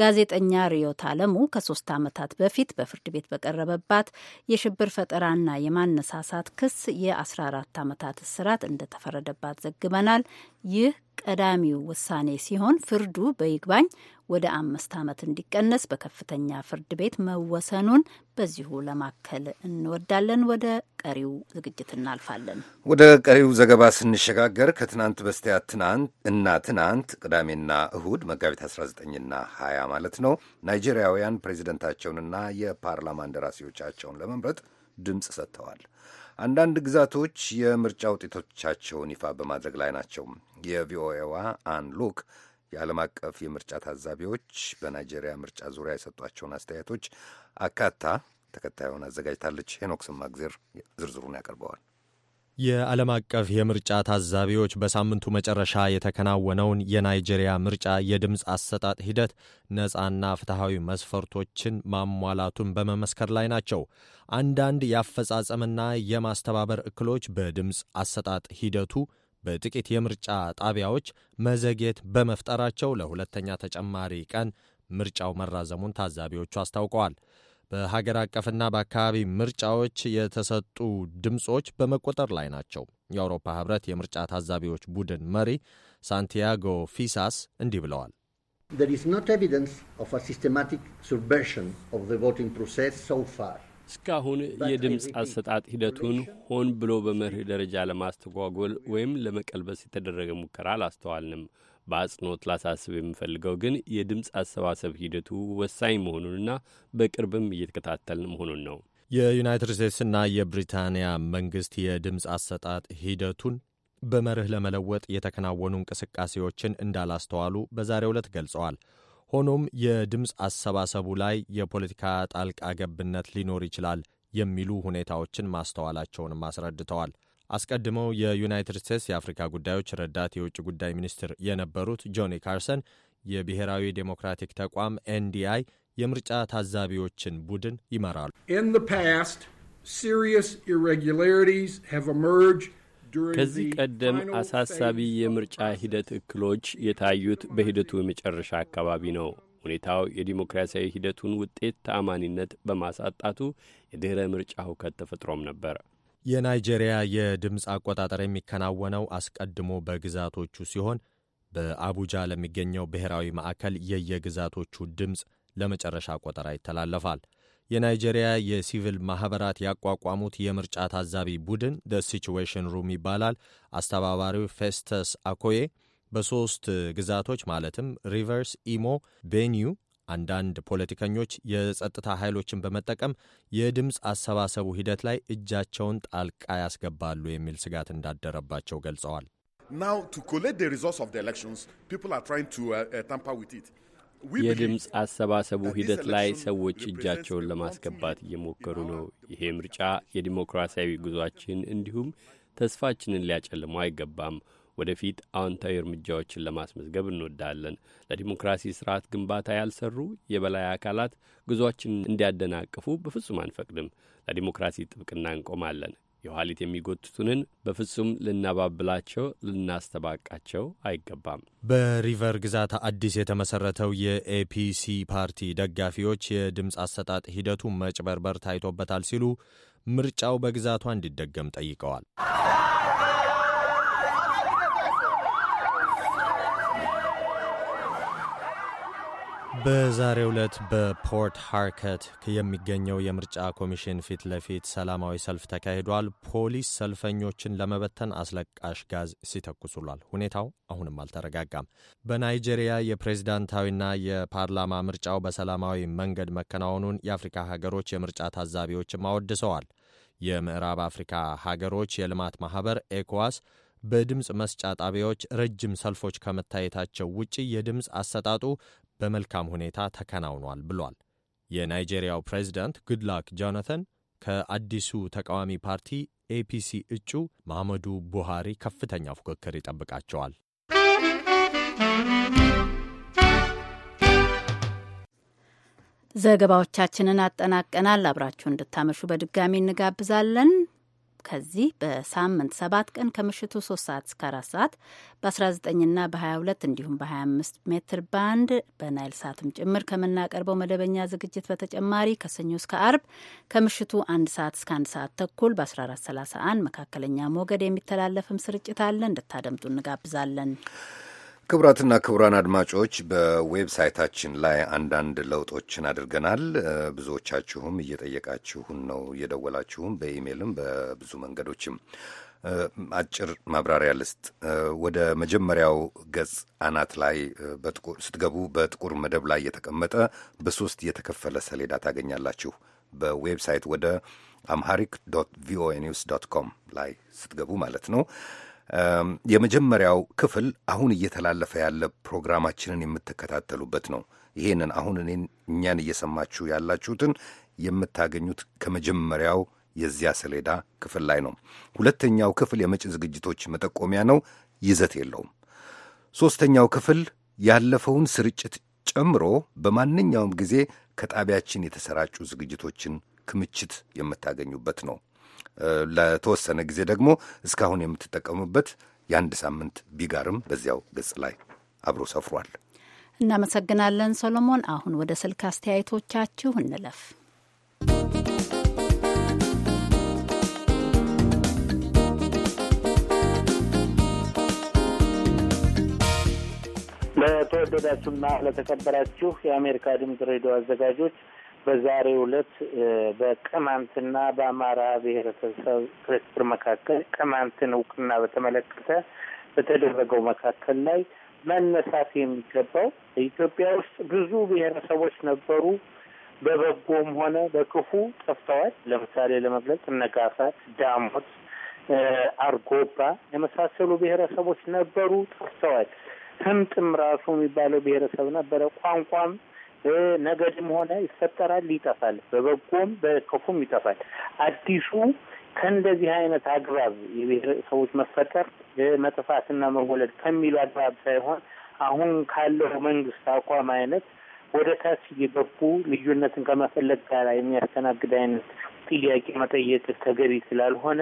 ጋዜጠኛ ሪዮት አለሙ ከሶስት ዓመታት በፊት በፍርድ ቤት በቀረበባት የሽብር ፈጠራና የማነሳሳት ክስ የ14 ዓመታት እስራት እንደተፈረደባት ዘግበናል። ይህ ቀዳሚው ውሳኔ ሲሆን ፍርዱ በይግባኝ ወደ አምስት ዓመት እንዲቀነስ በከፍተኛ ፍርድ ቤት መወሰኑን በዚሁ ለማከል እንወዳለን። ወደ ቀሪው ዝግጅት እናልፋለን። ወደ ቀሪው ዘገባ ስንሸጋገር ከትናንት በስቲያ ትናንት እና ትናንት ቅዳሜና እሁድ መጋቢት 19ና 20 ማለት ነው ናይጄሪያውያን ፕሬዚደንታቸውንና የፓርላማ እንደራሴዎቻቸውን ለመምረጥ ድምፅ ሰጥተዋል። አንዳንድ ግዛቶች የምርጫ ውጤቶቻቸውን ይፋ በማድረግ ላይ ናቸው። የቪኦኤዋ አን ሉክ የዓለም አቀፍ የምርጫ ታዛቢዎች በናይጄሪያ ምርጫ ዙሪያ የሰጧቸውን አስተያየቶች አካታ ተከታዩን አዘጋጅታለች። ሄኖክ ስማግዜር ዝርዝሩን ያቀርበዋል። የዓለም አቀፍ የምርጫ ታዛቢዎች በሳምንቱ መጨረሻ የተከናወነውን የናይጄሪያ ምርጫ የድምፅ አሰጣጥ ሂደት ነፃና ፍትሐዊ መስፈርቶችን ማሟላቱን በመመስከር ላይ ናቸው። አንዳንድ የአፈጻጸምና የማስተባበር እክሎች በድምፅ አሰጣጥ ሂደቱ በጥቂት የምርጫ ጣቢያዎች መዘግየት በመፍጠራቸው ለሁለተኛ ተጨማሪ ቀን ምርጫው መራዘሙን ታዛቢዎቹ አስታውቀዋል። በሀገር አቀፍና በአካባቢ ምርጫዎች የተሰጡ ድምፆች በመቆጠር ላይ ናቸው። የአውሮፓ ህብረት የምርጫ ታዛቢዎች ቡድን መሪ ሳንቲያጎ ፊሳስ እንዲህ ብለዋል። እስካሁን የድምፅ አሰጣጥ ሂደቱን ሆን ብሎ በመርህ ደረጃ ለማስተጓጎል ወይም ለመቀልበስ የተደረገ ሙከራ አላስተዋልንም። በአጽንኦት ላሳስብ የምፈልገው ግን የድምፅ አሰባሰብ ሂደቱ ወሳኝ መሆኑንና በቅርብም እየተከታተልን መሆኑን ነው። የዩናይትድ ስቴትስና የብሪታንያ መንግስት የድምፅ አሰጣጥ ሂደቱን በመርህ ለመለወጥ የተከናወኑ እንቅስቃሴዎችን እንዳላስተዋሉ በዛሬው ዕለት ገልጸዋል። ሆኖም የድምፅ አሰባሰቡ ላይ የፖለቲካ ጣልቃ ገብነት ሊኖር ይችላል የሚሉ ሁኔታዎችን ማስተዋላቸውንም አስረድተዋል። አስቀድመው የዩናይትድ ስቴትስ የአፍሪካ ጉዳዮች ረዳት የውጭ ጉዳይ ሚኒስትር የነበሩት ጆኒ ካርሰን የብሔራዊ ዴሞክራቲክ ተቋም ኤንዲአይ የምርጫ ታዛቢዎችን ቡድን ይመራሉ። ከዚህ ቀደም አሳሳቢ የምርጫ ሂደት እክሎች የታዩት በሂደቱ የመጨረሻ አካባቢ ነው። ሁኔታው የዲሞክራሲያዊ ሂደቱን ውጤት ተአማኒነት በማሳጣቱ የድኅረ ምርጫ ሁከት ተፈጥሮም ነበር። የናይጄሪያ የድምፅ አቆጣጠር የሚከናወነው አስቀድሞ በግዛቶቹ ሲሆን በአቡጃ ለሚገኘው ብሔራዊ ማዕከል የየግዛቶቹ ድምፅ ለመጨረሻ ቆጠራ ይተላለፋል። የናይጄሪያ የሲቪል ማኅበራት ያቋቋሙት የምርጫ ታዛቢ ቡድን ደ ሲቹዌሽን ሩም ይባላል። አስተባባሪው ፌስተስ አኮዬ በሦስት ግዛቶች ማለትም ሪቨርስ፣ ኢሞ፣ ቤኒዩ አንዳንድ ፖለቲከኞች የጸጥታ ኃይሎችን በመጠቀም የድምፅ አሰባሰቡ ሂደት ላይ እጃቸውን ጣልቃ ያስገባሉ የሚል ስጋት እንዳደረባቸው ገልጸዋል። uh, uh, የድምፅ አሰባሰቡ ሂደት ላይ ሰዎች እጃቸውን ለማስገባት እየሞከሩ ነው። ይሄ ምርጫ የዲሞክራሲያዊ ጉዟችን እንዲሁም ተስፋችንን ሊያጨልመው አይገባም። ወደፊት አዎንታዊ እርምጃዎችን ለማስመዝገብ እንወዳለን። ለዲሞክራሲ ስርዓት ግንባታ ያልሰሩ የበላይ አካላት ጉዟችንን እንዲያደናቅፉ በፍጹም አንፈቅድም። ለዲሞክራሲ ጥብቅና እንቆማለን። የኋሊት የሚጎትቱንን በፍጹም ልናባብላቸው ልናስተባቃቸው አይገባም። በሪቨር ግዛት አዲስ የተመሰረተው የኤፒሲ ፓርቲ ደጋፊዎች የድምፅ አሰጣጥ ሂደቱ መጭበርበር ታይቶበታል ሲሉ ምርጫው በግዛቷ እንዲደገም ጠይቀዋል። በዛሬው ዕለት በፖርት ሃርከት የሚገኘው የምርጫ ኮሚሽን ፊት ለፊት ሰላማዊ ሰልፍ ተካሂዷል። ፖሊስ ሰልፈኞችን ለመበተን አስለቃሽ ጋዝ ሲተኩሱሏል። ሁኔታው አሁንም አልተረጋጋም። በናይጄሪያ የፕሬዝዳንታዊና የፓርላማ ምርጫው በሰላማዊ መንገድ መከናወኑን የአፍሪካ ሀገሮች የምርጫ ታዛቢዎችም አወድሰዋል። የምዕራብ አፍሪካ ሀገሮች የልማት ማህበር ኤኮዋስ በድምፅ መስጫ ጣቢያዎች ረጅም ሰልፎች ከመታየታቸው ውጪ የድምፅ አሰጣጡ በመልካም ሁኔታ ተከናውኗል ብሏል። የናይጄሪያው ፕሬዚዳንት ጉድላክ ጆናተን ከአዲሱ ተቃዋሚ ፓርቲ ኤፒሲ እጩ መሐመዱ ቡሃሪ ከፍተኛ ፉክክር ይጠብቃቸዋል። ዘገባዎቻችንን አጠናቀናል። አብራችሁ እንድታመሹ በድጋሚ እንጋብዛለን። ከዚህ በሳምንት ሰባት ቀን ከምሽቱ 3 ሰዓት እስከ አራት ሰዓት በ19ና በ22 እንዲሁም በ25 ሜትር ባንድ በናይል ሳትም ጭምር ከምናቀርበው መደበኛ ዝግጅት በተጨማሪ ከሰኞ እስከ አርብ ከምሽቱ አንድ ሰዓት እስከ አንድ ሰዓት ተኩል በ1431 መካከለኛ ሞገድ የሚተላለፍም ስርጭት አለ። እንድታደምጡ እንጋብዛለን። ክቡራትና ክቡራን አድማጮች በዌብሳይታችን ላይ አንዳንድ ለውጦችን አድርገናል። ብዙዎቻችሁም እየጠየቃችሁን ነው፣ እየደወላችሁም በኢሜይልም በብዙ መንገዶችም። አጭር ማብራሪያ ልስጥ። ወደ መጀመሪያው ገጽ አናት ላይ ስትገቡ በጥቁር መደብ ላይ የተቀመጠ በሶስት የተከፈለ ሰሌዳ ታገኛላችሁ። በዌብሳይት ወደ አምሃሪክ ዶት ቪኦኤ ኒውስ ዶት ኮም ላይ ስትገቡ ማለት ነው የመጀመሪያው ክፍል አሁን እየተላለፈ ያለ ፕሮግራማችንን የምትከታተሉበት ነው። ይህንን አሁን እኔን እኛን እየሰማችሁ ያላችሁትን የምታገኙት ከመጀመሪያው የዚያ ሰሌዳ ክፍል ላይ ነው። ሁለተኛው ክፍል የመጪ ዝግጅቶች መጠቆሚያ ነው፣ ይዘት የለውም። ሦስተኛው ክፍል ያለፈውን ስርጭት ጨምሮ በማንኛውም ጊዜ ከጣቢያችን የተሰራጩ ዝግጅቶችን ክምችት የምታገኙበት ነው። ለተወሰነ ጊዜ ደግሞ እስካሁን የምትጠቀሙበት የአንድ ሳምንት ቢጋርም በዚያው ገጽ ላይ አብሮ ሰፍሯል። እናመሰግናለን ሰሎሞን። አሁን ወደ ስልክ አስተያየቶቻችሁ እንለፍ። ለተወደዳችሁና ለተከበራችሁ የአሜሪካ ድምፅ ሬዲዮ አዘጋጆች በዛሬው ዕለት በቅማንትና በአማራ ብሔረሰብ ክርክር መካከል ቅማንትን እውቅና በተመለከተ በተደረገው መካከል ላይ መነሳት የሚገባው ኢትዮጵያ ውስጥ ብዙ ብሔረሰቦች ነበሩ። በበጎም ሆነ በክፉ ጠፍተዋል። ለምሳሌ ለመግለጽ እነጋፋት፣ ዳሞት፣ አርጎባ የመሳሰሉ ብሔረሰቦች ነበሩ፣ ጠፍተዋል። ህምጥም ራሱ የሚባለው ብሔረሰብ ነበረ። ቋንቋም ነገድም ሆነ ይፈጠራል፣ ይጠፋል። በበጎም በክፉም ይጠፋል። አዲሱ ከእንደዚህ አይነት አግባብ የብሔረሰቦች መፈጠር መጥፋትና መወለድ ከሚሉ አግባብ ሳይሆን አሁን ካለው መንግስት አቋም አይነት ወደ ታች እየገቡ ልዩነትን ከመፈለግ ጋር የሚያስተናግድ አይነት ጥያቄ መጠየቅ ተገቢ ስላልሆነ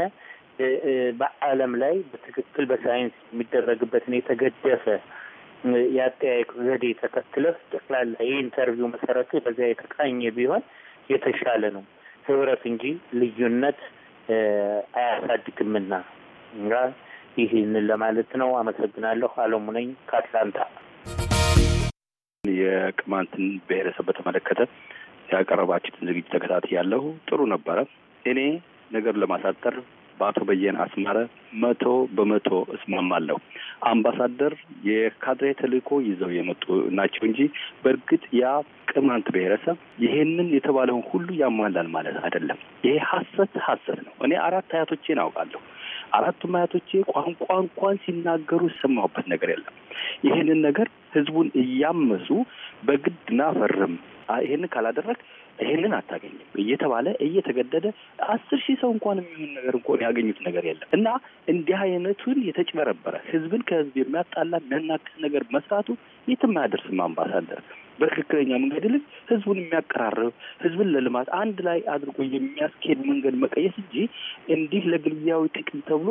በዓለም ላይ በትክክል በሳይንስ የሚደረግበትን የተገደፈ የአጠያየቅ ዘዴ ተከትለህ ጠቅላላ የኢንተርቪው መሰረቱ በዚያ የተቃኘ ቢሆን የተሻለ ነው። ህብረት እንጂ ልዩነት አያሳድግምና ይህንን ለማለት ነው። አመሰግናለሁ። አለሙ ነኝ ከአትላንታ። የቅማንትን ብሔረሰብ በተመለከተ ያቀረባችሁትን ዝግጅት ተከታትያለሁ። ጥሩ ነበረ። እኔ ነገር ለማሳጠር በአቶ በየነ አስማረ መቶ በመቶ እስማማለሁ። አምባሳደር የካድሬ ተልእኮ ይዘው የመጡ ናቸው እንጂ በእርግጥ ያ ቅማንት ብሔረሰብ ይሄንን የተባለውን ሁሉ ያሟላል ማለት አይደለም። ይሄ ሀሰት ሀሰት ነው። እኔ አራት አያቶቼን አውቃለሁ። አራቱም አያቶቼ ቋንቋ እንኳን ሲናገሩ የሰማሁበት ነገር የለም። ይህንን ነገር ህዝቡን እያመሱ በግድ ናፈርም ይሄንን ካላደረግ ይሄንን አታገኝም እየተባለ እየተገደደ አስር ሺህ ሰው እንኳን የሚሆን ነገር እንኳን ያገኙት ነገር የለም እና እንዲህ አይነቱን የተጭበረበረ ህዝብን ከህዝብ የሚያጣላ የሚያናክስ ነገር መስራቱ የትም አያደርስም አምባሳደር በትክክለኛ መንገድ ልጅ ህዝቡን የሚያቀራርብ ህዝብን ለልማት አንድ ላይ አድርጎ የሚያስኬድ መንገድ መቀየስ እንጂ እንዲህ ለግልያዊ ጥቅም ተብሎ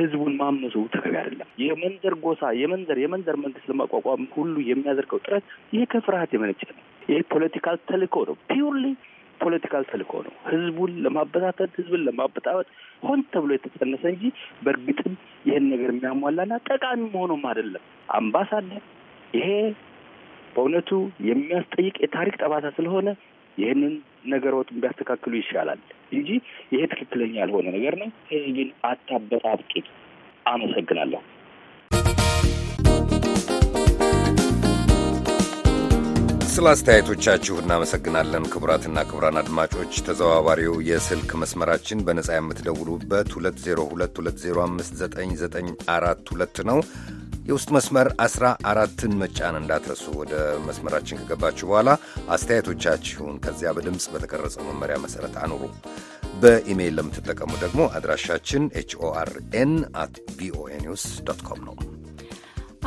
ህዝቡን ማምነሱ ተገቢ አይደለም። የመንደር ጎሳ፣ የመንደር የመንደር መንግስት ለማቋቋም ሁሉ የሚያደርገው ጥረት ይህ ከፍርሀት የመነጨ ነው። ይህ ፖለቲካል ተልእኮ ነው ፒውርሊ ፖለቲካል ተልእኮ ነው። ህዝቡን ለማበታተን ህዝብን ለማበጣበጥ ሆን ተብሎ የተጸነሰ እንጂ በእርግጥም ይህን ነገር የሚያሟላና ጠቃሚ መሆኑም አይደለም። አምባሳደር ይሄ በእውነቱ የሚያስጠይቅ የታሪክ ጠባሳ ስለሆነ ይህንን ነገሮች ቢያስተካክሉ ይሻላል እንጂ ይሄ ትክክለኛ ያልሆነ ነገር ነው። ህዝብን አታበጣብጡት። አመሰግናለሁ። ስለ አስተያየቶቻችሁ እናመሰግናለን። ክቡራትና ክቡራን አድማጮች ተዘዋዋሪው የስልክ መስመራችን በነጻ የምትደውሉበት 2022059942 ነው። የውስጥ መስመር 14ን መጫን እንዳትረሱ። ወደ መስመራችን ከገባችሁ በኋላ አስተያየቶቻችሁን ከዚያ በድምፅ በተቀረጸው መመሪያ መሰረት አኑሩ። በኢሜይል ለምትጠቀሙ ደግሞ አድራሻችን ኤችኦአርኤን አት ቪኦኤ ኒውስ ዶት ኮም ነው።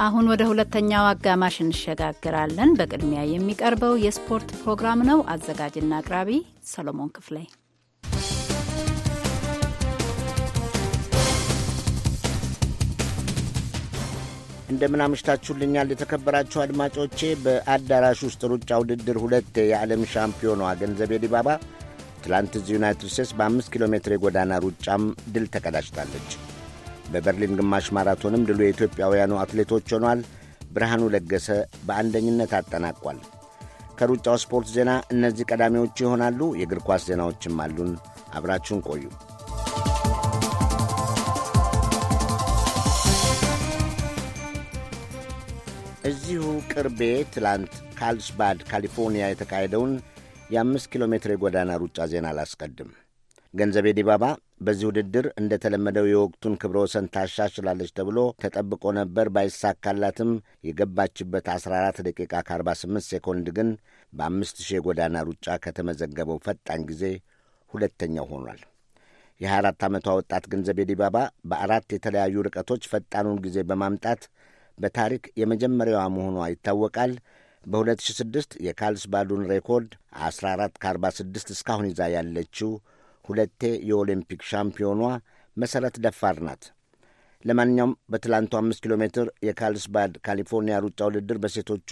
አሁን ወደ ሁለተኛው አጋማሽ እንሸጋግራለን። በቅድሚያ የሚቀርበው የስፖርት ፕሮግራም ነው። አዘጋጅና አቅራቢ ሰሎሞን ክፍሌ እንደምን አምሽታችሁልኛል የተከበራችሁ አድማጮቼ። በአዳራሽ ውስጥ ሩጫ ውድድር ሁለት የዓለም ሻምፒዮኗ ገንዘቤ ዲባባ ትላንት እዚህ ዩናይትድ ስቴትስ በአምስት ኪሎ ሜትር የጎዳና ሩጫም ድል ተቀዳጅታለች። በበርሊን ግማሽ ማራቶንም ድሉ የኢትዮጵያውያኑ አትሌቶች ሆኗል። ብርሃኑ ለገሰ በአንደኝነት አጠናቋል። ከሩጫው ስፖርት ዜና እነዚህ ቀዳሚዎቹ ይሆናሉ። የእግር ኳስ ዜናዎችም አሉን። አብራችሁን ቆዩ። እዚሁ ቅርቤ ትላንት ካልስባድ ካሊፎርኒያ የተካሄደውን የአምስት ኪሎ ሜትር የጎዳና ሩጫ ዜና አላስቀድም። ገንዘቤ ዲባባ በዚህ ውድድር እንደተለመደው የወቅቱን ክብረ ወሰን ታሻሽላለች ተብሎ ተጠብቆ ነበር። ባይሳካላትም የገባችበት 14 ደቂቃ ከ48 ሴኮንድ ግን በአምስት ሺህ የጎዳና ሩጫ ከተመዘገበው ፈጣን ጊዜ ሁለተኛው ሆኗል። የ24 ዓመቷ ወጣት ገንዘቤ ዲባባ በአራት የተለያዩ ርቀቶች ፈጣኑን ጊዜ በማምጣት በታሪክ የመጀመሪያዋ መሆኗ ይታወቃል። በ2006 የካልስባዱን ሬኮርድ 14 ከ46 እስካሁን ይዛ ያለችው ሁለቴ የኦሊምፒክ ሻምፒዮኗ መሠረት ደፋር ናት። ለማንኛውም በትላንቱ 5 ኪሎ ሜትር የካልስባድ ካሊፎርኒያ ሩጫ ውድድር በሴቶቹ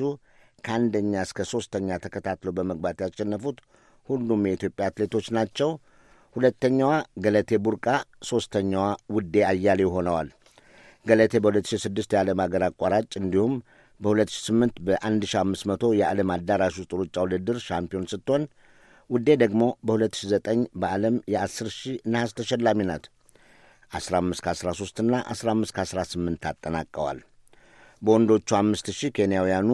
ከአንደኛ እስከ ሦስተኛ ተከታትሎ በመግባት ያሸነፉት ሁሉም የኢትዮጵያ አትሌቶች ናቸው። ሁለተኛዋ ገለቴ ቡርቃ፣ ሦስተኛዋ ውዴ አያሌው ሆነዋል። ገለቴ በ2006 የዓለም አገር አቋራጭ እንዲሁም በ2008 በ1500 የዓለም አዳራሽ ውስጥ ሩጫ ውድድር ሻምፒዮን ስትሆን ውዴ ደግሞ በ2009 በዓለም የ10 ሺህ ነሐስ ተሸላሚ ናት። 15 ከ13 እና 15 ከ18 ታጠናቀዋል። በወንዶቹ 5 ሺህ ኬንያውያኑ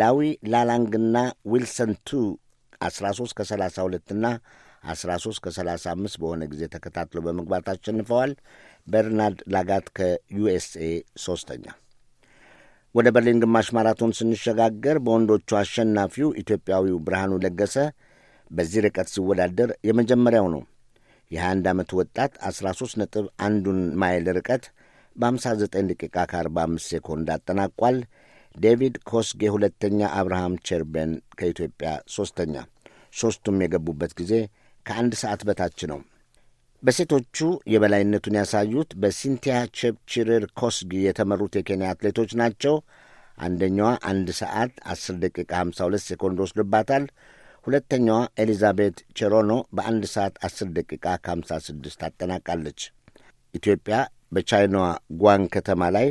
ላዊ ላላንግና ዊልሰን ቱ 13 ከ32 ና 13 ከ35 በሆነ ጊዜ ተከታትለው በመግባት አሸንፈዋል። በርናርድ ላጋት ከዩኤስኤ ሶስተኛ ወደ በርሊን ግማሽ ማራቶን ስንሸጋገር በወንዶቹ አሸናፊው ኢትዮጵያዊው ብርሃኑ ለገሰ በዚህ ርቀት ሲወዳደር የመጀመሪያው ነው። የ21 ዓመቱ ወጣት 13 ነጥብ አንዱን ማይል ርቀት በ59 ደቂቃ ከ45 ሴኮንድ አጠናቋል። ዴቪድ ኮስጌ ሁለተኛ፣ አብርሃም ቸርቤን ከኢትዮጵያ ሦስተኛ። ሦስቱም የገቡበት ጊዜ ከአንድ ሰዓት በታች ነው። በሴቶቹ የበላይነቱን ያሳዩት በሲንቲያ ቼፕቺሪር ኮስጊ የተመሩት የኬንያ አትሌቶች ናቸው። አንደኛዋ አንድ ሰዓት 10 ደቂቃ 52 ሴኮንድ ወስድባታል። ሁለተኛዋ ኤሊዛቤት ቼሮኖ በአንድ ሰዓት 10 ደቂቃ 56 ታጠናቃለች። ኢትዮጵያ በቻይናዋ ጓን ከተማ ላይ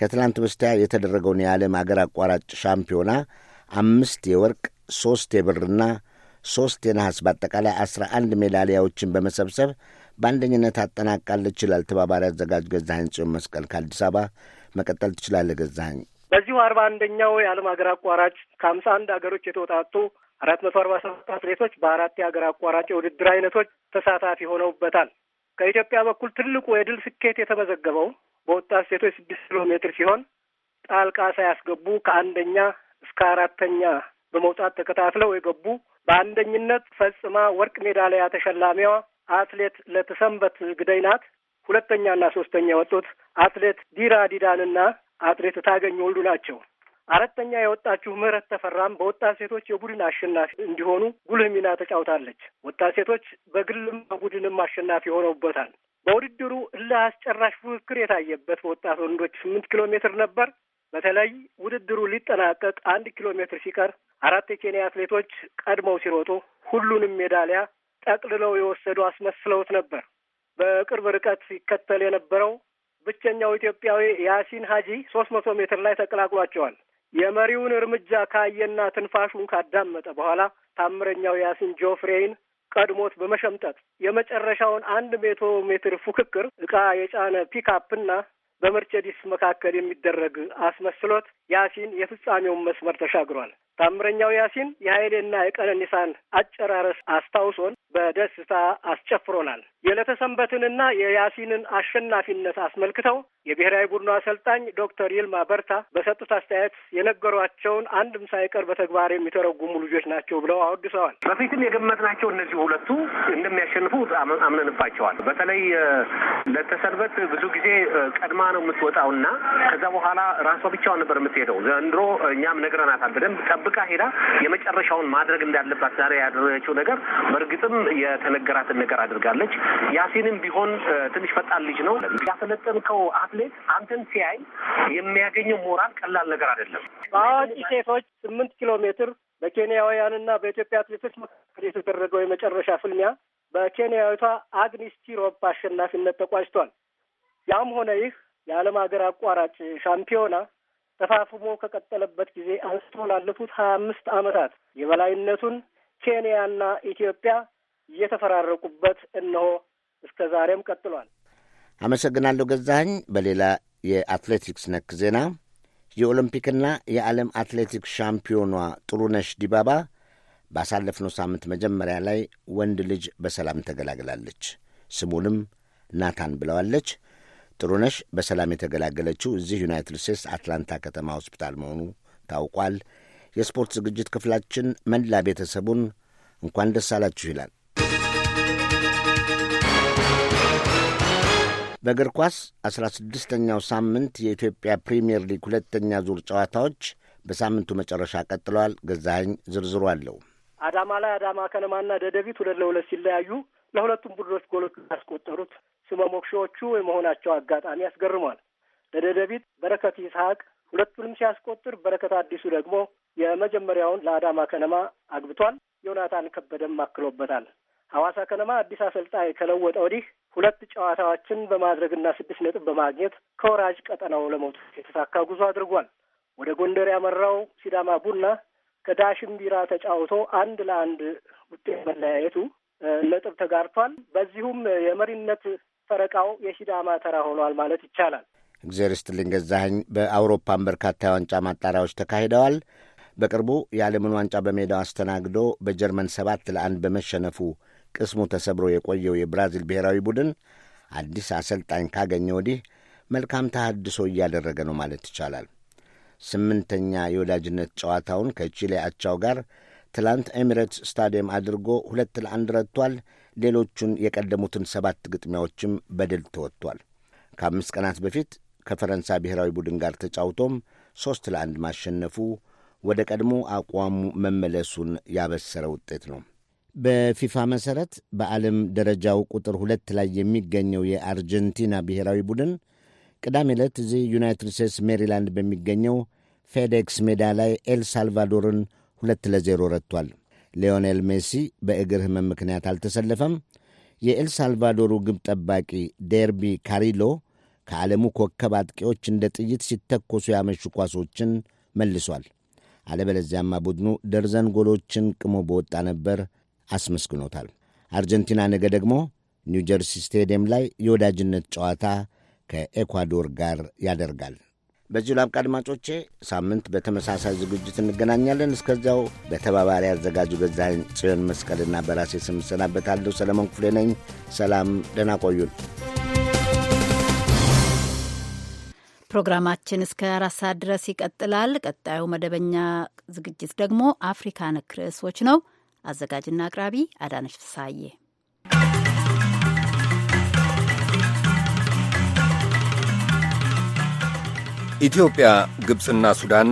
ከትላንት በስቲያ የተደረገውን የዓለም አገር አቋራጭ ሻምፒዮና አምስት የወርቅ ሦስት የብርና ሦስት የነሐስ በአጠቃላይ 11 ሜዳሊያዎችን በመሰብሰብ በአንደኝነት አጠናቃለች ይላል ተባባሪ አዘጋጅ ገዛኸኝ ጽዮን መስቀል ከአዲስ አበባ። መቀጠል ትችላለህ ገዛኸኝ። በዚሁ አርባ አንደኛው የዓለም ሀገር አቋራጭ ከሀምሳ አንድ ሀገሮች የተወጣጡ አራት መቶ አርባ ሰባት አትሌቶች በአራት የሀገር አቋራጭ የውድድር አይነቶች ተሳታፊ ሆነውበታል። ከኢትዮጵያ በኩል ትልቁ የድል ስኬት የተመዘገበው በወጣት ሴቶች ስድስት ኪሎ ሜትር ሲሆን ጣልቃ ሳያስገቡ ከአንደኛ እስከ አራተኛ በመውጣት ተከታትለው የገቡ በአንደኝነት ፈጽማ ወርቅ ሜዳሊያ ተሸላሚዋ አትሌት ለተሰንበት ግደይ ናት። ሁለተኛና ሶስተኛ የወጡት አትሌት ዲራ ዲዳንና አትሌት ታገኝ ወልዱ ናቸው። አራተኛ የወጣችሁ ምህረት ተፈራም በወጣት ሴቶች የቡድን አሸናፊ እንዲሆኑ ጉልህ ሚና ተጫውታለች። ወጣት ሴቶች በግልም በቡድንም አሸናፊ ሆነውበታል። በውድድሩ እልህ አስጨራሽ ፉክክር የታየበት በወጣት ወንዶች ስምንት ኪሎ ሜትር ነበር። በተለይ ውድድሩ ሊጠናቀቅ አንድ ኪሎ ሜትር ሲቀር አራት የኬንያ አትሌቶች ቀድመው ሲሮጡ ሁሉንም ሜዳሊያ ጠቅልለው የወሰዱ አስመስለውት ነበር። በቅርብ ርቀት ሲከተል የነበረው ብቸኛው ኢትዮጵያዊ ያሲን ሀጂ ሶስት መቶ ሜትር ላይ ተቀላቅሏቸዋል። የመሪውን እርምጃ ካየና ትንፋሹን ካዳመጠ በኋላ ታምረኛው ያሲን ጆፍሬይን ቀድሞት በመሸምጠጥ የመጨረሻውን አንድ መቶ ሜትር ፉክክር ዕቃ የጫነ ፒካፕና በመርቼዲስ መካከል የሚደረግ አስመስሎት ያሲን የፍጻሜውን መስመር ተሻግሯል። ታምረኛው ያሲን የኃይሌና የቀነኒሳን አጨራረስ አስታውሶን በደስታ አስጨፍሮናል። የዕለተ ሰንበትንና የያሲንን አሸናፊነት አስመልክተው የብሔራዊ ቡድኑ አሰልጣኝ ዶክተር ይልማ በርታ በሰጡት አስተያየት የነገሯቸውን አንድም ሳይቀር በተግባር የሚተረጉሙ ልጆች ናቸው ብለው አወድሰዋል። በፊትም የገመትናቸው እነዚህ ሁለቱ እንደሚያሸንፉ አምነንባቸዋል። በተለይ ለተሰንበት ሰንበት ብዙ ጊዜ ቀድማ ነው የምትወጣውና ከዛ በኋላ ራሷ ብቻዋን ነበር የምትሄደው። ዘንድሮ እኛም ነግረናታል በደንብ ጠብቃ ሄዳ የመጨረሻውን ማድረግ እንዳለባት ዛሬ ያደረገችው ነገር በእርግጥም የተነገራትን ነገር አድርጋለች። ያሲንም ቢሆን ትንሽ ፈጣን ልጅ ነው። ያሰለጠንከው አትሌት አንተን ሲያይ የሚያገኘው ሞራል ቀላል ነገር አይደለም። በአዋቂ ሴቶች ስምንት ኪሎ ሜትር በኬንያውያንና በኢትዮጵያ አትሌቶች መካከል የተደረገው የመጨረሻ ፍልሚያ በኬንያዊቷ አግኒስ ቲሮፕ አሸናፊነት ተቋጭቷል። ያም ሆነ ይህ የዓለም ሀገር አቋራጭ ሻምፒዮና ተፋፍሞ ከቀጠለበት ጊዜ አንስቶ ላለፉት ሀያ አምስት ዓመታት የበላይነቱን ኬንያና ኢትዮጵያ እየተፈራረቁበት እነሆ እስከ ዛሬም ቀጥሏል። አመሰግናለሁ ገዛኸኝ። በሌላ የአትሌቲክስ ነክ ዜና የኦሎምፒክና የዓለም አትሌቲክስ ሻምፒዮኗ ጥሩነሽ ዲባባ ባሳለፍነው ሳምንት መጀመሪያ ላይ ወንድ ልጅ በሰላም ተገላግላለች። ስሙንም ናታን ብለዋለች። ጥሩነሽ በሰላም የተገላገለችው እዚህ ዩናይትድ ስቴትስ አትላንታ ከተማ ሆስፒታል መሆኑ ታውቋል። የስፖርት ዝግጅት ክፍላችን መላ ቤተሰቡን እንኳን ደስ አላችሁ ይላል። በእግር ኳስ አስራ ስድስተኛው ሳምንት የኢትዮጵያ ፕሪምየር ሊግ ሁለተኛ ዙር ጨዋታዎች በሳምንቱ መጨረሻ ቀጥለዋል። ገዛኸኝ ዝርዝሩ አለው። አዳማ ላይ አዳማ ከነማና ደደቢት ሁለት ለሁለት ሲለያዩ ለሁለቱም ቡድኖች ጎሎች ያስቆጠሩት ስመሞክሾዎቹ የመሆናቸው አጋጣሚ ያስገርሟል። ለደደቢት በረከት ይስሐቅ ሁለቱንም ሲያስቆጥር፣ በረከት አዲሱ ደግሞ የመጀመሪያውን ለአዳማ ከነማ አግብቷል። ዮናታን ከበደም አክሎበታል። ሐዋሳ ከነማ አዲስ አሰልጣኝ ከለወጠ ወዲህ ሁለት ጨዋታዎችን በማድረግና ስድስት ነጥብ በማግኘት ከወራጅ ቀጠናው ለመውጣት የተሳካ ጉዞ አድርጓል። ወደ ጎንደር ያመራው ሲዳማ ቡና ከዳሽን ቢራ ተጫውቶ አንድ ለአንድ ውጤት መለያየቱ ነጥብ ተጋርቷል። በዚሁም የመሪነት ፈረቃው የሲዳማ ተራ ሆኗል ማለት ይቻላል። እግዜር ይስጥልኝ ገዛኸኝ። በአውሮፓን በርካታ የዋንጫ ማጣሪያዎች ተካሂደዋል። በቅርቡ የዓለምን ዋንጫ በሜዳው አስተናግዶ በጀርመን ሰባት ለአንድ በመሸነፉ ቅስሙ ተሰብሮ የቆየው የብራዚል ብሔራዊ ቡድን አዲስ አሰልጣኝ ካገኘ ወዲህ መልካም ተሃድሶ እያደረገ ነው ማለት ይቻላል። ስምንተኛ የወዳጅነት ጨዋታውን ከቺሌ አቻው ጋር ትላንት ኤሚሬትስ ስታዲየም አድርጎ ሁለት ለአንድ ረቷል ሌሎቹን የቀደሙትን ሰባት ግጥሚያዎችም በድል ተወጥቷል። ከአምስት ቀናት በፊት ከፈረንሳይ ብሔራዊ ቡድን ጋር ተጫውቶም ሦስት ለአንድ ማሸነፉ ወደ ቀድሞ አቋሙ መመለሱን ያበሰረ ውጤት ነው። በፊፋ መሠረት በዓለም ደረጃው ቁጥር ሁለት ላይ የሚገኘው የአርጀንቲና ብሔራዊ ቡድን ቅዳሜ ዕለት እዚህ ዩናይትድ ስቴትስ ሜሪላንድ በሚገኘው ፌዴክስ ሜዳ ላይ ኤልሳልቫዶርን ሁለት ለዜሮ ረቷል። ሊዮኔል ሜሲ በእግር ህመም ምክንያት አልተሰለፈም። የኤልሳልቫዶሩ ግብ ጠባቂ ዴርቢ ካሪሎ ከዓለሙ ኮከብ አጥቂዎች እንደ ጥይት ሲተኮሱ ያመሹ ኳሶችን መልሷል። አለበለዚያማ ቡድኑ ደርዘን ጎሎችን ቅሞ በወጣ ነበር። አስመስግኖታል። አርጀንቲና ነገ ደግሞ ኒውጀርሲ ስቴዲየም ላይ የወዳጅነት ጨዋታ ከኤኳዶር ጋር ያደርጋል። በዚሁ ላብቃ አድማጮቼ። ሳምንት በተመሳሳይ ዝግጅት እንገናኛለን። እስከዚያው በተባባሪ አዘጋጁ ገዛኸኝ ጽዮን መስቀልና በራሴ ስም እሰናበታለሁ። ሰለሞን ክፍሌ ነኝ። ሰላም፣ ደህና ቆዩን። ፕሮግራማችን እስከ አራት ሰዓት ድረስ ይቀጥላል። ቀጣዩ መደበኛ ዝግጅት ደግሞ አፍሪካ ነክ ርዕሶች ነው። አዘጋጅና አቅራቢ አዳነች ፍሳዬ ኢትዮጵያ፣ ግብፅና ሱዳን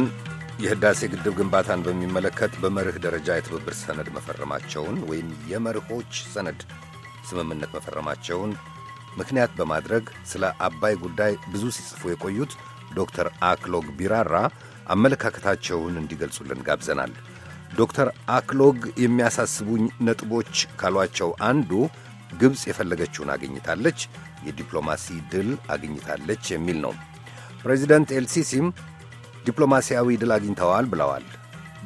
የህዳሴ ግድብ ግንባታን በሚመለከት በመርህ ደረጃ የትብብር ሰነድ መፈረማቸውን ወይም የመርሆች ሰነድ ስምምነት መፈረማቸውን ምክንያት በማድረግ ስለ አባይ ጉዳይ ብዙ ሲጽፉ የቆዩት ዶክተር አክሎግ ቢራራ አመለካከታቸውን እንዲገልጹልን ጋብዘናል። ዶክተር አክሎግ የሚያሳስቡኝ ነጥቦች ካሏቸው አንዱ ግብፅ የፈለገችውን አግኝታለች፣ የዲፕሎማሲ ድል አግኝታለች የሚል ነው። ፕሬዚደንት ኤልሲሲም ዲፕሎማሲያዊ ድል አግኝተዋል ብለዋል።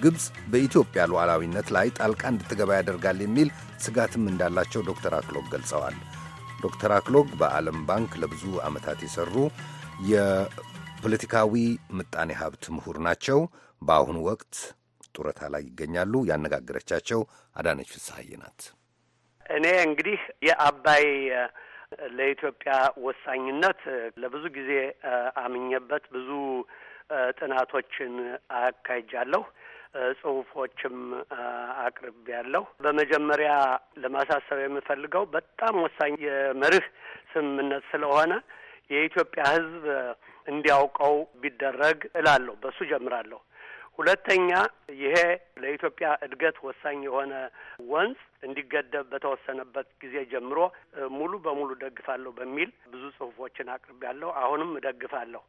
ግብፅ በኢትዮጵያ ሉዓላዊነት ላይ ጣልቃ እንድትገባ ያደርጋል የሚል ስጋትም እንዳላቸው ዶክተር አክሎግ ገልጸዋል። ዶክተር አክሎግ በዓለም ባንክ ለብዙ ዓመታት የሠሩ የፖለቲካዊ ምጣኔ ሀብት ምሁር ናቸው። በአሁኑ ወቅት ጡረታ ላይ ይገኛሉ። ያነጋገረቻቸው አዳነች ፍስሐዬ ናት። እኔ እንግዲህ የአባይ ለኢትዮጵያ ወሳኝነት ለብዙ ጊዜ አምኜበት ብዙ ጥናቶችን አካሂጃለሁ። ጽሁፎችም አቅርብ ያለው በመጀመሪያ ለማሳሰብ የምፈልገው በጣም ወሳኝ የመርህ ስምምነት ስለሆነ የኢትዮጵያ ሕዝብ እንዲያውቀው ቢደረግ እላለሁ። በሱ ጀምራለሁ። ሁለተኛ ይሄ ለኢትዮጵያ እድገት ወሳኝ የሆነ ወንዝ እንዲገደብ በተወሰነበት ጊዜ ጀምሮ ሙሉ በሙሉ ደግፋለሁ በሚል ብዙ ጽሁፎችን አቅርቤያለሁ። አሁንም እደግፋለሁ።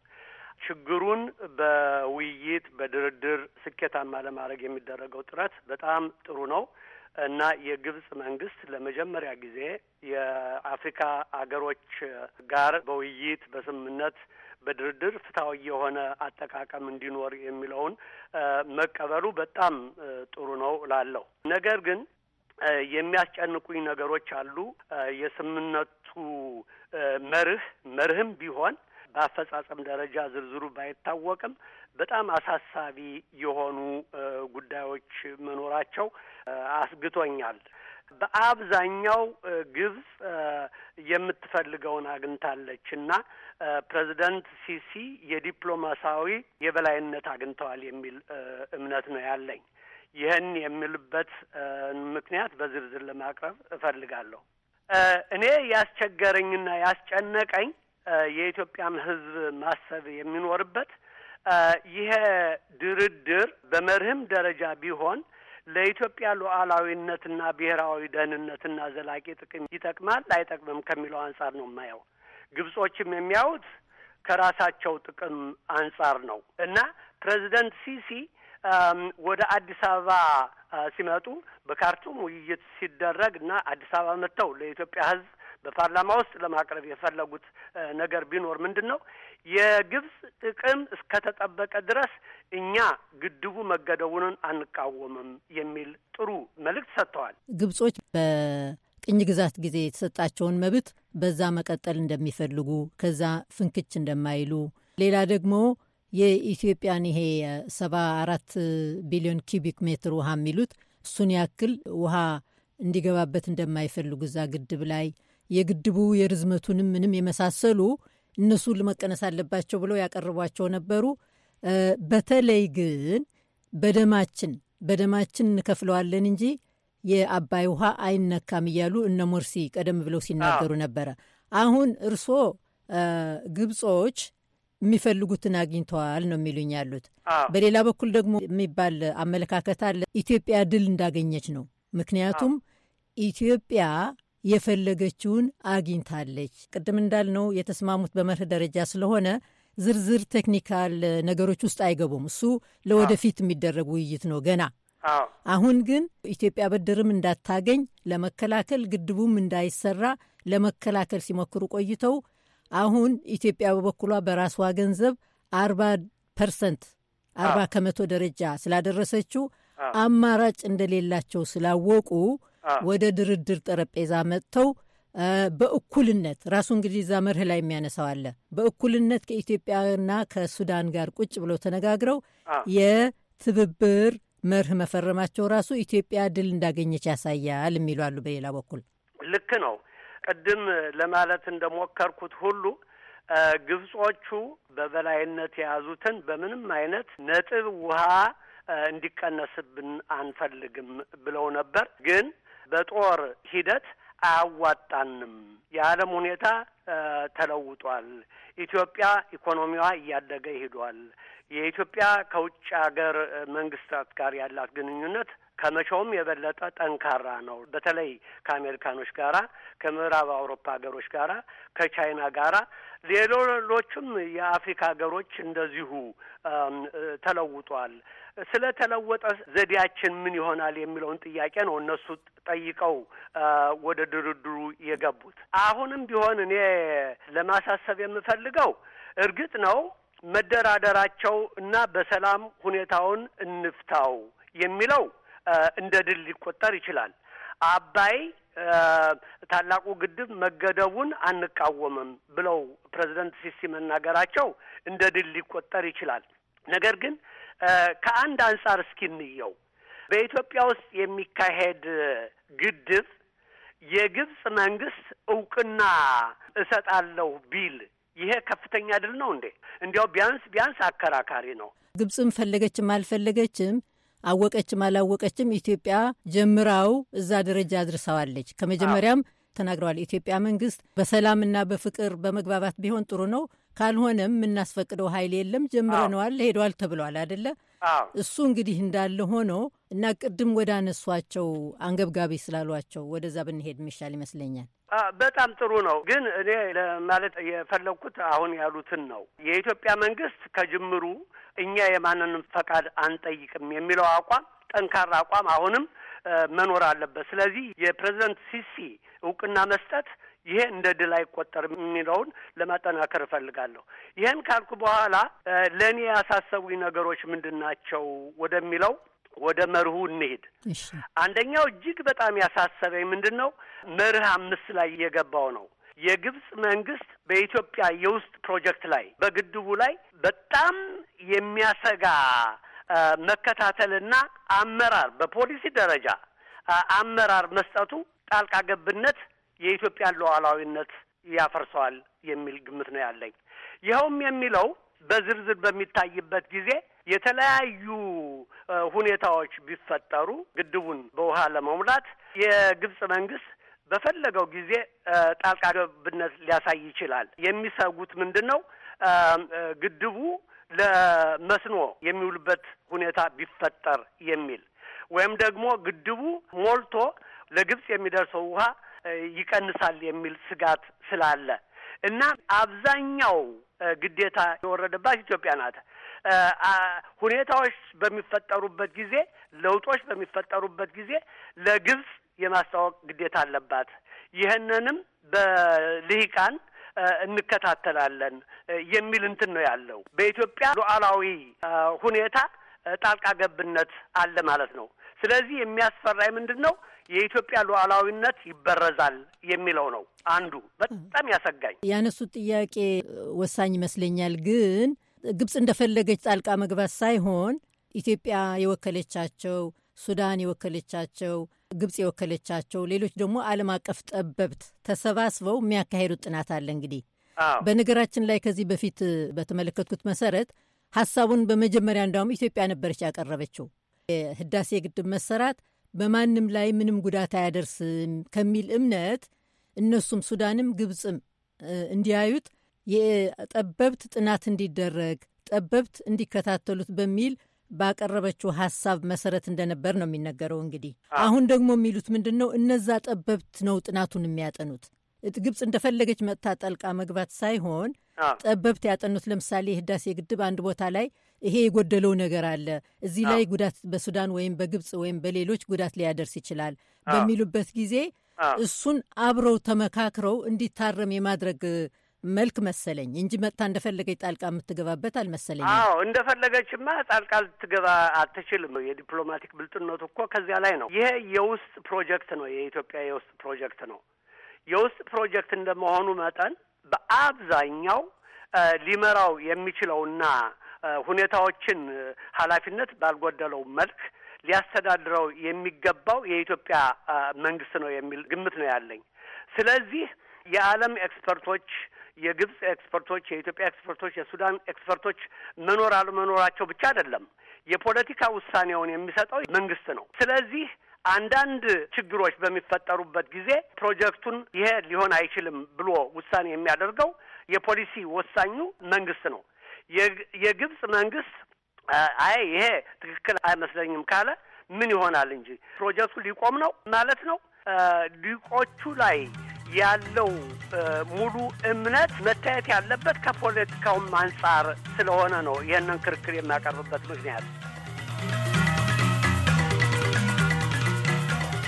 ችግሩን በውይይት በድርድር ስኬታማ ለማድረግ የሚደረገው ጥረት በጣም ጥሩ ነው እና የግብጽ መንግስት ለመጀመሪያ ጊዜ የአፍሪካ አገሮች ጋር በውይይት በስምምነት በድርድር ፍትሐዊ የሆነ አጠቃቀም እንዲኖር የሚለውን መቀበሉ በጣም ጥሩ ነው እላለሁ። ነገር ግን የሚያስጨንቁኝ ነገሮች አሉ። የስምምነቱ መርህ መርህም ቢሆን በአፈጻጸም ደረጃ ዝርዝሩ ባይታወቅም በጣም አሳሳቢ የሆኑ ጉዳዮች መኖራቸው አስግቶኛል። በአብዛኛው ግብጽ የምትፈልገውን አግኝታለች እና ፕሬዚደንት ሲሲ የዲፕሎማሲያዊ የበላይነት አግኝተዋል የሚል እምነት ነው ያለኝ። ይህን የሚልበት ምክንያት በዝርዝር ለማቅረብ እፈልጋለሁ። እኔ ያስቸገረኝና ያስጨነቀኝ የኢትዮጵያን ሕዝብ ማሰብ የሚኖርበት ይሄ ድርድር በመርህም ደረጃ ቢሆን ለኢትዮጵያ ሉዓላዊነትና ብሔራዊ ደህንነትና ዘላቂ ጥቅም ይጠቅማል አይጠቅምም ከሚለው አንጻር ነው የማየው። ግብጾችም የሚያዩት ከራሳቸው ጥቅም አንጻር ነው እና ፕሬዚደንት ሲሲ ወደ አዲስ አበባ ሲመጡ በካርቱም ውይይት ሲደረግ እና አዲስ አበባ መጥተው ለኢትዮጵያ ሕዝብ በፓርላማ ውስጥ ለማቅረብ የፈለጉት ነገር ቢኖር ምንድን ነው የግብጽ ጥቅም እስከተጠበቀ ድረስ እኛ ግድቡ መገደቡንን አንቃወምም የሚል ጥሩ መልእክት ሰጥተዋል። ግብጾች በቅኝ ግዛት ጊዜ የተሰጣቸውን መብት በዛ መቀጠል እንደሚፈልጉ ከዛ ፍንክች እንደማይሉ ሌላ ደግሞ የኢትዮጵያን ይሄ ሰባ አራት ቢሊዮን ኪቢክ ሜትር ውሃ የሚሉት እሱን ያክል ውሃ እንዲገባበት እንደማይፈልጉ እዛ ግድብ ላይ የግድቡ የርዝመቱንም ምንም የመሳሰሉ እነሱን ለመቀነስ አለባቸው ብለው ያቀርቧቸው ነበሩ። በተለይ ግን በደማችን በደማችን እንከፍለዋለን እንጂ የአባይ ውሃ አይነካም እያሉ እነ ሞርሲ ቀደም ብለው ሲናገሩ ነበረ። አሁን እርስዎ ግብጾች የሚፈልጉትን አግኝተዋል ነው የሚሉኝ ያሉት። በሌላ በኩል ደግሞ የሚባል አመለካከት አለ፣ ኢትዮጵያ ድል እንዳገኘች ነው። ምክንያቱም ኢትዮጵያ የፈለገችውን አግኝታለች። ቅድም እንዳልነው የተስማሙት በመርህ ደረጃ ስለሆነ ዝርዝር ቴክኒካል ነገሮች ውስጥ አይገቡም። እሱ ለወደፊት የሚደረግ ውይይት ነው ገና። አሁን ግን ኢትዮጵያ ብድርም እንዳታገኝ ለመከላከል ግድቡም እንዳይሰራ ለመከላከል ሲሞክሩ ቆይተው አሁን ኢትዮጵያ በበኩሏ በራሷ ገንዘብ አርባ ፐርሰንት አርባ ከመቶ ደረጃ ስላደረሰችው አማራጭ እንደሌላቸው ስላወቁ ወደ ድርድር ጠረጴዛ መጥተው በእኩልነት ራሱ እንግዲህ እዛ መርህ ላይ የሚያነሳው አለ። በእኩልነት ከኢትዮጵያና ከሱዳን ጋር ቁጭ ብለው ተነጋግረው የትብብር መርህ መፈረማቸው ራሱ ኢትዮጵያ ድል እንዳገኘች ያሳያል የሚሉ አሉ። በሌላ በኩል ልክ ነው። ቅድም ለማለት እንደሞከርኩት ሁሉ ግብጾቹ በበላይነት የያዙትን በምንም አይነት ነጥብ ውሃ እንዲቀነስብን አንፈልግም ብለው ነበር ግን በጦር ሂደት አያዋጣንም። የዓለም ሁኔታ ተለውጧል። ኢትዮጵያ ኢኮኖሚዋ እያደገ ሂዷል። የኢትዮጵያ ከውጭ ሀገር መንግስታት ጋር ያላት ግንኙነት ከመቼውም የበለጠ ጠንካራ ነው። በተለይ ከአሜሪካኖች ጋራ፣ ከምዕራብ አውሮፓ ሀገሮች ጋራ፣ ከቻይና ጋራ ሌሎችም የአፍሪካ ሀገሮች እንደዚሁ ተለውጧል። ስለ ተለወጠ ዘዴያችን ምን ይሆናል የሚለውን ጥያቄ ነው እነሱ ጠይቀው ወደ ድርድሩ የገቡት። አሁንም ቢሆን እኔ ለማሳሰብ የምፈልገው እርግጥ ነው መደራደራቸው እና በሰላም ሁኔታውን እንፍታው የሚለው እንደ ድል ሊቆጠር ይችላል። አባይ ታላቁ ግድብ መገደቡን አንቃወምም ብለው ፕሬዚደንት ሲሲ መናገራቸው እንደ ድል ሊቆጠር ይችላል። ነገር ግን ከአንድ አንጻር እስኪ እንየው። በኢትዮጵያ ውስጥ የሚካሄድ ግድብ የግብጽ መንግስት እውቅና እሰጣለሁ ቢል ይሄ ከፍተኛ ድል ነው እንዴ? እንዲያው ቢያንስ ቢያንስ አከራካሪ ነው። ግብጽም ፈለገችም አልፈለገችም አወቀችም አላወቀችም ኢትዮጵያ ጀምራው እዛ ደረጃ አድርሰዋለች። ከመጀመሪያም ተናግረዋል። የኢትዮጵያ መንግስት በሰላምና በፍቅር በመግባባት ቢሆን ጥሩ ነው፣ ካልሆነም የምናስፈቅደው ኃይል የለም፣ ጀምረነዋል፣ ሄደዋል ተብሏል አደለ? እሱ እንግዲህ እንዳለ ሆኖ እና ቅድም ወዳነሷቸው አንገብጋቢ ስላሏቸው ወደዛ ብንሄድ የሚሻል ይመስለኛል። በጣም ጥሩ ነው። ግን እኔ ለማለት የፈለግኩት አሁን ያሉትን ነው። የኢትዮጵያ መንግስት ከጅምሩ እኛ የማንንም ፈቃድ አንጠይቅም የሚለው አቋም ጠንካራ አቋም አሁንም መኖር አለበት። ስለዚህ የፕሬዚደንት ሲሲ እውቅና መስጠት ይሄ እንደ ድል አይቆጠርም የሚለውን ለማጠናከር እፈልጋለሁ። ይህን ካልኩ በኋላ ለእኔ ያሳሰቡኝ ነገሮች ምንድን ናቸው ወደሚለው ወደ መርሁ እንሄድ። አንደኛው እጅግ በጣም ያሳሰበኝ ምንድን ነው፣ መርህ አምስት ላይ የገባው ነው የግብጽ መንግስት በኢትዮጵያ የውስጥ ፕሮጀክት ላይ በግድቡ ላይ በጣም የሚያሰጋ መከታተልና አመራር በፖሊሲ ደረጃ አመራር መስጠቱ ጣልቃ ገብነት የኢትዮጵያ ሉዓላዊነት ያፈርሰዋል የሚል ግምት ነው ያለኝ። ይኸውም የሚለው በዝርዝር በሚታይበት ጊዜ የተለያዩ ሁኔታዎች ቢፈጠሩ ግድቡን በውሃ ለመሙላት የግብጽ መንግስት በፈለገው ጊዜ ጣልቃ ገብነት ሊያሳይ ይችላል። የሚሰጉት ምንድን ነው? ግድቡ ለመስኖ የሚውልበት ሁኔታ ቢፈጠር የሚል ወይም ደግሞ ግድቡ ሞልቶ ለግብጽ የሚደርሰው ውሃ ይቀንሳል የሚል ስጋት ስላለ እና አብዛኛው ግዴታ የወረደባት ኢትዮጵያ ናት። ሁኔታዎች በሚፈጠሩበት ጊዜ፣ ለውጦች በሚፈጠሩበት ጊዜ ለግብጽ የማስታወቅ ግዴታ አለባት። ይህንንም በልሂቃን እንከታተላለን የሚል እንትን ነው ያለው። በኢትዮጵያ ሉዓላዊ ሁኔታ ጣልቃ ገብነት አለ ማለት ነው። ስለዚህ የሚያስፈራኝ ምንድን ነው? የኢትዮጵያ ሉዓላዊነት ይበረዛል የሚለው ነው አንዱ በጣም ያሰጋኝ። ያነሱት ጥያቄ ወሳኝ ይመስለኛል። ግን ግብጽ እንደፈለገች ጣልቃ መግባት ሳይሆን ኢትዮጵያ የወከለቻቸው፣ ሱዳን የወከለቻቸው፣ ግብጽ የወከለቻቸው ሌሎች ደግሞ ዓለም አቀፍ ጠበብት ተሰባስበው የሚያካሄዱት ጥናት አለ። እንግዲህ በነገራችን ላይ ከዚህ በፊት በተመለከትኩት መሰረት ሀሳቡን በመጀመሪያ እንዳውም ኢትዮጵያ ነበረች ያቀረበችው የህዳሴ ግድብ መሰራት በማንም ላይ ምንም ጉዳት አያደርስም ከሚል እምነት እነሱም ሱዳንም ግብፅም እንዲያዩት የጠበብት ጥናት እንዲደረግ ጠበብት እንዲከታተሉት በሚል ባቀረበችው ሀሳብ መሰረት እንደነበር ነው የሚነገረው። እንግዲህ አሁን ደግሞ የሚሉት ምንድን ነው? እነዛ ጠበብት ነው ጥናቱን የሚያጠኑት። ግብፅ እንደፈለገች መጥታ ጠልቃ መግባት ሳይሆን ጠበብት ያጠኑት። ለምሳሌ የህዳሴ ግድብ አንድ ቦታ ላይ ይሄ የጎደለው ነገር አለ፣ እዚህ ላይ ጉዳት በሱዳን ወይም በግብፅ ወይም በሌሎች ጉዳት ሊያደርስ ይችላል በሚሉበት ጊዜ እሱን አብረው ተመካክረው እንዲታረም የማድረግ መልክ መሰለኝ እንጂ መጥታ እንደፈለገች ጣልቃ የምትገባበት አልመሰለኝ። አዎ እንደፈለገችማ ጣልቃ ልትገባ አትችልም። የዲፕሎማቲክ ብልጥነቱ እኮ ከዚያ ላይ ነው። ይሄ የውስጥ ፕሮጀክት ነው፣ የኢትዮጵያ የውስጥ ፕሮጀክት ነው። የውስጥ ፕሮጀክት እንደመሆኑ መጠን በአብዛኛው ሊመራው የሚችለውና ሁኔታዎችን ኃላፊነት ባልጎደለው መልክ ሊያስተዳድረው የሚገባው የኢትዮጵያ መንግስት ነው የሚል ግምት ነው ያለኝ። ስለዚህ የዓለም ኤክስፐርቶች የግብፅ ኤክስፐርቶች፣ የኢትዮጵያ ኤክስፐርቶች፣ የሱዳን ኤክስፐርቶች መኖር አለመኖራቸው ብቻ አይደለም። የፖለቲካ ውሳኔውን የሚሰጠው መንግስት ነው። ስለዚህ አንዳንድ ችግሮች በሚፈጠሩበት ጊዜ ፕሮጀክቱን ይሄ ሊሆን አይችልም ብሎ ውሳኔ የሚያደርገው የፖሊሲ ወሳኙ መንግስት ነው። የግብጽ መንግስት አይ ይሄ ትክክል አይመስለኝም ካለ ምን ይሆናል እንጂ ፕሮጀክቱ ሊቆም ነው ማለት ነው። ሊቆቹ ላይ ያለው ሙሉ እምነት መታየት ያለበት ከፖለቲካውም አንጻር ስለሆነ ነው ይህንን ክርክር የሚያቀርብበት ምክንያት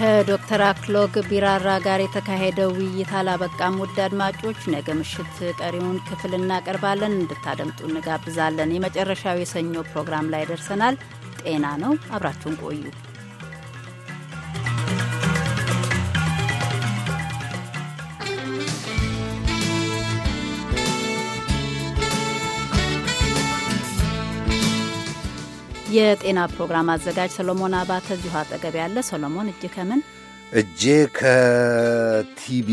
ከዶክተር አክሎግ ቢራራ ጋር የተካሄደው ውይይት አላበቃም። ውድ አድማጮች፣ ነገ ምሽት ቀሪውን ክፍል እናቀርባለን። እንድታደምጡ እንጋብዛለን። የመጨረሻው የሰኞ ፕሮግራም ላይ ደርሰናል። ጤና ነው። አብራችሁን ቆዩ። የጤና ፕሮግራም አዘጋጅ ሰሎሞን አባተ እዚሁ አጠገብ ያለ። ሰሎሞን እጅ ከምን እጄ ከቲቪ